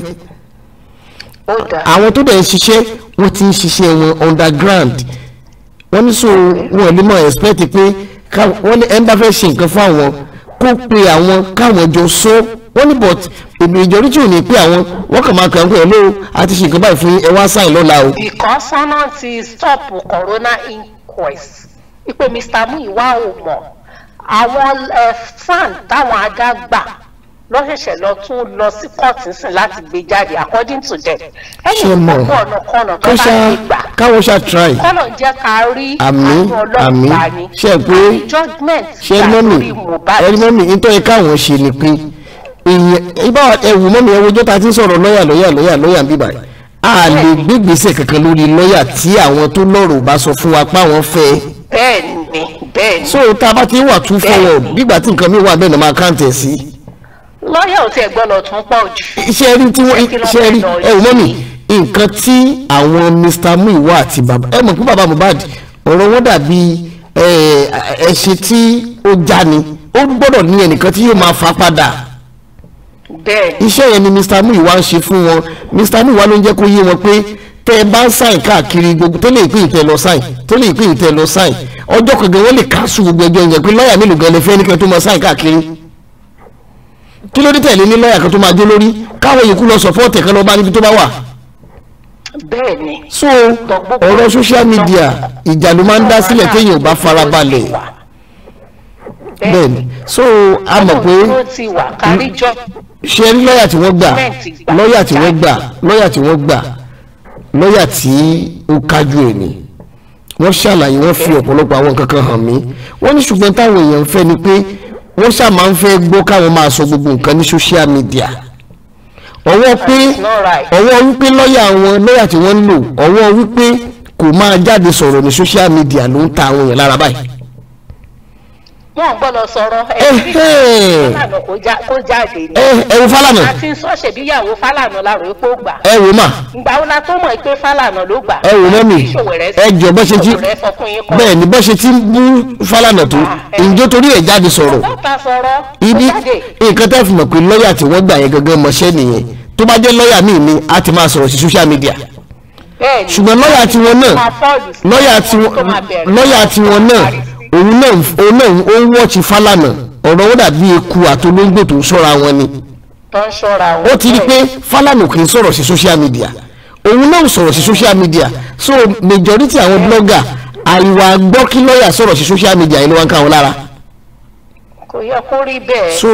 àwọn tó dẹ̀ ń ṣiṣẹ́ wọ́n ti ń ṣiṣẹ́ wọn underground. Mm -hmm wọ́n ní so wọn lè mọ̀ expect pé wọ́n ní ẹ̀ńbà fẹ́ ṣe nǹkan fún àwọn kó pe àwọn káwọn jọ so wọ́n ní but èmi ìjọrí tí ò ní pé àwọn wọ́n kàn máa kàn pé hello àti ṣe nǹkan báyìí fún ẹ wá sáìn lọ́la o.
ìkọ́sọ́nà ti stop corona inquest ipe Mr Muiwa ò mọ̀ àwọn eh, fan táwọn ajá gbà lọ́sẹ̀sẹ̀ lọ tún lọ sí kóòtù sìn láti gbé jáde according to them. ẹnì ìgbàgbọ́ ọ̀nà kọ́nà tó bá ti gbà
káwọ́ ṣá try.
kọ́nà jẹ́ ká rí àwọn ọlọ́pàá ni ṣe pé ṣe mọ́mì ẹni
mọ́mì nítorí káwọn ṣe ni pé ìbá ẹ̀wù mọ́mì ẹ̀wù ọjọ́ ta ti ń sọ̀rọ̀ lọ́yà lọ́yà lọ́yà lọ́yà bíbà a lè gbégbèsè kankan lórí lọ́yà tí àwọn tó lọ́rọ̀ bá sọ fún wa pé àwọn fẹ́. bẹ́ẹ̀ni bẹ́ẹ̀ni. so tá a bá ti wà tún fọwọ́ gbígbà tí nǹkan mi wà bẹ́ẹ̀ ni máa káǹtẹ̀ sí i
lọ́yà ò tiẹ̀ gbọ́dọ̀ tún pọ̀ jù.
ṣẹ́ẹ́rì tí wọ́n ṣẹ́ẹ́rì ẹ̀ wọ́n mi nǹkan tí àwọn Mr Muiwa àti bàbá ẹ mọ̀ pé bàbá Mohbad ọ̀rọ̀ wọn dàbí ẹ̀ṣẹ̀ tí ó já ni ó gbọ́dọ̀ ní ẹnìkan tí yóò máa fa padà iṣẹ́ yẹn ni Mr Muiwa ń ṣe fún wọn Mr Muiwa ló ń jẹ́ kó yé wọn pé tẹ́ ẹ bá ń sáìn káàkiri gbogbo tó lè pín ìtẹ́ lọ sáìn tó lè pín ìtẹ́ lọ sáìn ọjọ́ kan wọ́n lè káṣù gbogbo ẹjọ́ yẹn pé lọ́ọ̀yà mélòó gan lè fẹ́ nìkan tó máa sáìn káàkiri kí ló dé tẹ̀lé ní lọ́ọ̀yà kan tó máa jó lórí káwọn yòókù lọ sọ̀pọ̀tì kan lọ́ọ́ bá níbi tó bá wà. bẹ́ẹ̀ni. so ọ̀rọ̀ social media ìjà ló máa ń dá sílẹ̀ téèyàn ò bá farabalẹ̀ bẹ́ẹ̀ni so a mọ̀ pé ṣe rí lọ́ọ̀yà tí wọ́n gbà lọ́ọ̀yà tí wọ́n gbà lọ́ọ̀yà tí wọ́n gbà lọ́ọ̀yà tí ó kájú ẹ̀ ni wọ́n ṣàlàyé wọ́n fi ọ̀pọ̀lọpọ̀ àwọn kankan hàn mí wọ́n ní ṣùgbọ́n táwọn èèyàn fẹ́ ni pé wọ́n ṣáà máa ń fẹ́ gbọ́ káwọn máa sọ gbogbo nǹkan ní social media ọwọ́ pé ọwọ́ wípé lọ́ọ̀yà wọn lọ́ọ̀yà tí wọ́n ń lò ọwọ́ wípé kò máa jáde sọ̀rọ̀ ní social media ló ń ta àwọn èèyàn lára báyìí
mọ̀ ń bọ̀ sọ̀rọ̀ eh, ẹ̀ẹ́dì eh. kó jáde ni eh, ẹ̀wù Fálànà àti sọ́ọ̀ṣẹ̀ bí ìyàwó Fálànà la rò gbà ẹ̀wù mà ìgbà wo la tó mọ̀ pé Fálànà ló gbà ẹ̀wù mẹ́mi ẹ̀jọ̀ bó ṣe ti bẹ́ẹ̀
ni bó ṣe ti mú Fálànà tó ah, ǹjọ́ torí ẹ̀ jáde sọ̀rọ̀ ibi nǹkan tẹ́ fi mọ̀ pé lọ́ọ̀yà tí wọ́n gbà yẹn gangan òun náà òun náà ó ń wọ́ọ̀tì Fálànà ọ̀rọ̀ ó dàbí eku àtolóńgbò tó ń ṣọ́ra wọn ni ó ti rí i pé Fálànà kì í sọ̀rọ̀ sí social media òun náà sọ̀rọ̀ sí social media so majority àwọn blogger àìwà gbọ́ lọ́ọ̀yà sọ̀rọ̀ sí social media yìí ló wá ń ká wọn lára
kò yẹ kó rí bẹ́ẹ̀ so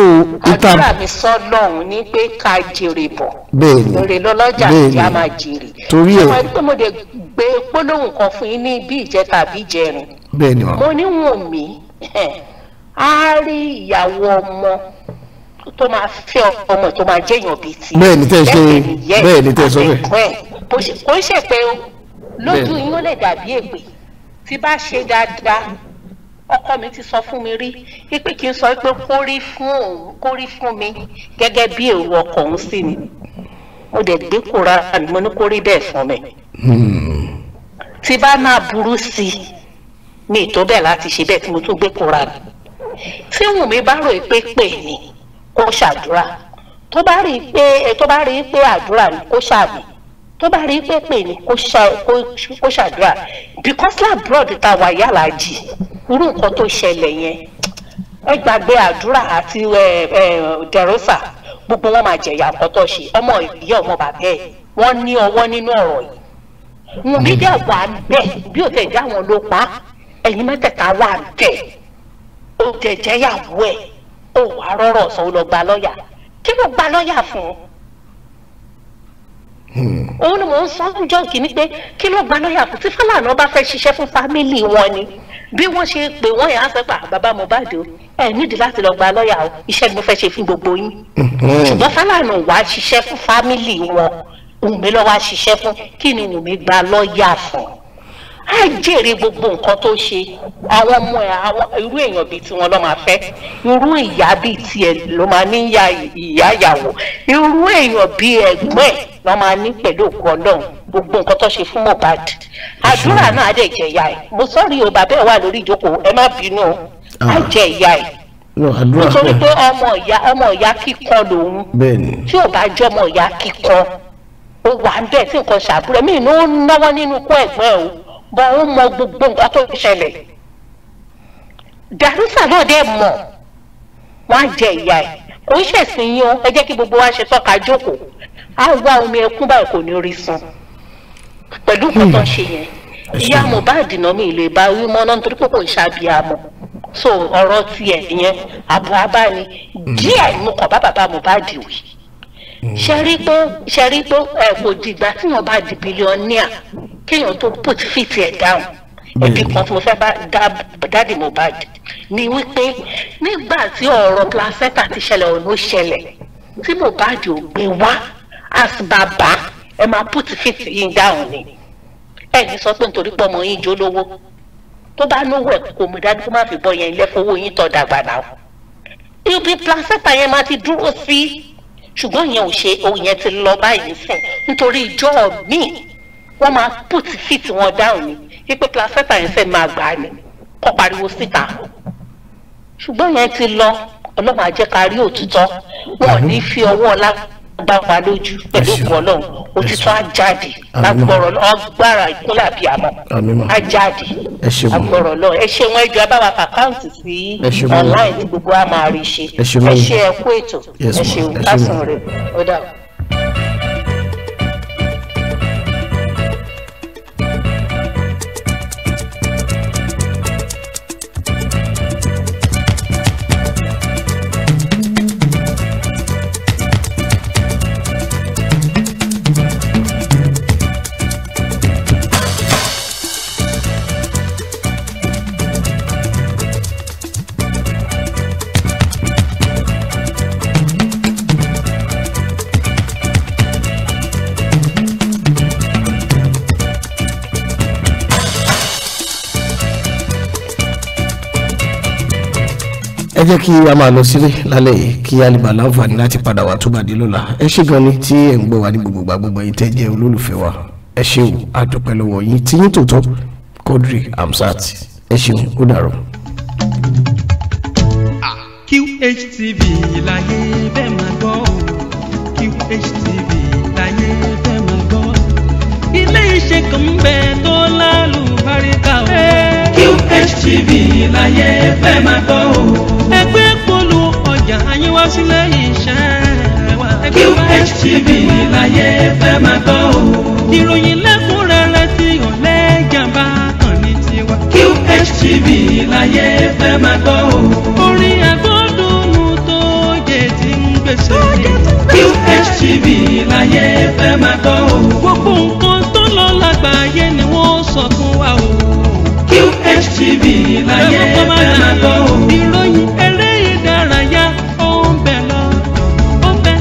ìta àdúrà mi sọ lọ́hùn ní pé ká jèrè bọ̀ bẹ́ẹ̀ni èrè lọ́lọ́jà àti àmà jèrè torí ẹ̀ ṣé wọ́n pé mo lè gbé gbólóhùn kan fún yín ní bí ìjẹta àbí ìjẹrin bẹ́ẹ̀ ni màmá. mo ní Wùnmí á rí ìyàwó ọmọ tó máa fẹ́ ọmọ tó máa jẹ́yàn bíi
ti. bẹ́ẹ̀ ni
tẹ́ ṣe
bẹ́ẹ̀ ni tẹ́ sọ bẹ́ẹ̀. kò ń ṣe pé lójú
yín ó lè dàbí ègbè tí bá ṣe dáadáa ọkọ mi ti sọ fún mi rí pé kí n sọ pé kó rí fún mi gẹ́gẹ́ bí èrò ọkọ òun sí ni mo dẹ̀ gbé kóra ni mo ní kó rí bẹ́ẹ̀ fún mi.
Hmm.
tí bá máa burú sí i mi ì tó bẹ́ẹ̀ láti ṣe bẹ́ẹ̀ tí mo tún gbé kóra nù tí Wùnmí bá rò pé pè ní kó ṣàdúrà tó bá rí i pé tó bá rí i pé àdúrà ni kó ṣàmì tó bá rí i pé pè ní kó ṣàdúrà because labroad ta wà yàrá jì irú nǹkan tó ṣẹlẹ̀ yẹn ẹ gbàgbé àdúrà àti dẹ̀rọ́sà gbogbo wọn máa jẹ̀yà nǹkan tó ṣe ọmọ ìyá ọmọ bàbá ẹ̀ wọ́n ní ọwọ́ nínú ọ̀rọ̀ yìí Wùnmí dẹ̀ wà bẹ́ẹ̀ bí ó tẹ̀ já wọn ló pa á ẹ̀yin mẹ́tẹ̀ẹ̀ta wà bẹ́ẹ̀ ó jẹjẹ yàwó ẹ̀ ó wàá rọ́rọ̀ sọ ó lọ gba lọ́ọ̀yà kí ló gba lọ́ọ̀yà fún hmm. òun ni mò ń sọ ń jọ kìíní pé kí ló gba lọ́ọ̀yà fún tí Fálànà bá fẹ́ ṣiṣẹ́ fún fámìlì wọn ni bí wọ́n ṣe pè wọ́n yà á sọ pé bàbá Mohbad o ẹ nídìí láti lọ gba lọ́ọ̀yà o iṣẹ́ ni mo fẹ́ ṣe fún gbogbo yín
hmm. ṣùgbọ́n
Fálànà wàá ṣiṣẹ́ fún fámìlì wọn Wùnmí ló wá ṣiṣẹ́ fún kí ni Wùnmí gba lọ́ọ̀yà fún á jèrè gbogbo nǹkan tó ṣe àwọn ọmọ ẹ àwọn irú èèyàn bíi tiwọn ló máa fẹ́ irú ìyá bíi tiẹ̀ ló máa ní ìyá ìyàwó irú èèyàn bíi ẹ̀gbọ́n ẹ̀ ló máa ní pẹ̀lú òkú Ọlọ́run gbogbo nǹkan tó ṣe fún Mohbad àdúrà náà á dẹ̀ jẹ ìyá ẹ̀ mo sọ́ọ̀rì o bàbá ẹ̀ wà lórí ìjókòó ẹ má bínú o ah. á jẹ ìyá ẹ̀ nítorí pé ọmọ ìyá ọmọ ìyá kíkọ lòun tí ò bá jẹ́ ọmọ ìyá kíkọ ó wà ń bẹ̀ tí nǹkan ṣàbúrò mí ní ó náwó nínú kó ẹ̀gbọ́n o bọ̀ ó mọ gbogbo nǹkan tó ṣẹlẹ̀ Darisa náà dẹ̀ mọ̀ wọ́n á jẹ ìyá ẹ̀ kò ń ṣẹ̀sìn yín o ẹ jẹ́ kí gbogbo wa ṣe tọ́ka jókòó á wá omi ẹkún báyìí kò ní orí san pẹ̀lú nǹkan tó ń ṣe yẹn ìyá Mohbad náà mi ìlú ìbá wí mọ́ náà nítorí pé kò ń ṣàbíyamọ so ọ̀rọ̀ tiẹ̀ yẹn àbọ̀ abáni díẹ̀ mo kọ̀ bá bàbá Mohbad wí ṣe rí pé ṣe rí pé ẹ kò dìgbà tíyàn bá di bílíọ̀nìà kéèyàn tó put fit ẹ̀ dáhùn ẹbí kan tí mo fẹ́ bá dáàdì Mohbad ni wípé nígbà tí ọ̀rọ̀ placenta ti ṣẹlẹ̀ ọ̀nà ṣẹlẹ̀ tí Mohbad ò gbé wá as bàbá ẹ máa put fit yín dáhùn ni ẹ ní sọ pé nítorí pé ọmọ yín jó lówó tó bá lówó ẹ kò mú dájú kó má fi bọ yẹn ilé fowó yín tọ́ dàgbà náà ibi placenta yẹn máa ti dúró sí. Si ṣùgbọ́n ìyẹn ò ṣe òun yẹn ti lọ báyìí sìn nítorí ìjọ míì wọ́n máa put feet wọn down ni wípé placenta yẹn fẹ́ máa gbà ni kọ́ pariwo síta ṣùgbọ́n yẹn ti lọ ọlọ́run á jẹ́ ká rí òtítọ́ wọn ò ní fi ọwọ́ lágbàá gbá wa lójú pẹ̀lú òkú ọlọ́run ojútùú á jáde agbọ̀rọ̀ ọgbàrà ìkúlà bíi àmọ́ á jáde agbọ̀rọ̀ lọ ẹ ṣe wọn ẹjọ abáwa àkáǹtì sí online gbogbo a máa rí ṣe ẹ ṣe ẹ kú ètò ẹ ṣe òkú àsùn rẹ ó dàbọ̀.
jẹ́ kí a máa lọ sílé lálẹ́ yìí kí a láǹfààní láti padà wá tó bá dé lọ́la ẹ ṣé gan ni tí ẹ̀ ń gbọ́ wa ní gbogbo ìgbà gbogbo yìí tẹ́ olólùfẹ́ wa ẹ ṣé o lọ́wọ́ yín tí yín tòótọ́ Quadri Hamzat ẹ ṣeun ó dàrọ.
QHTV láyé bẹ́ẹ̀ máa gbọ́ QHTV láyé bẹ́ẹ̀ ilé iṣẹ́ kan ń bẹ tó lálùbáríkà o. QHTV láyé fẹ́ máa gbọ́ o.
ẹgbẹ́ polu ọjà ayé wá iṣẹ́ wa. QHTV láyé fẹ́ máa gbọ́ o. ìròyìn lẹ́kùnrẹ́rẹ́ tí ọ̀lẹ́ jàmbá kan ní tiwa. QHTV láyé fẹ́ máa gbọ́ o. orin agbódùnmù tó yẹ ti ń gbèsè. QHTV láyé fẹ́ máa gbọ́ o. gbogbo nǹkan lọ́lá ni wọ́n sọ fún wa o. QHTV láyé ẹ máa gbọ́ o. ìròyìn eré ìdárayá ó ń bẹ̀ lọ.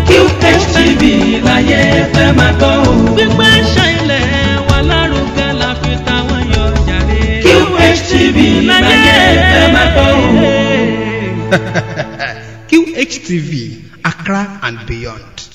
QHTV láyé ẹ máa gbọ́ o. gbígbé ṣẹlẹ̀ wà lárugẹ la fi táwọn
yọ jàre. QHTV láyé ẹ máa gbọ́ QHTV Accra and beyond.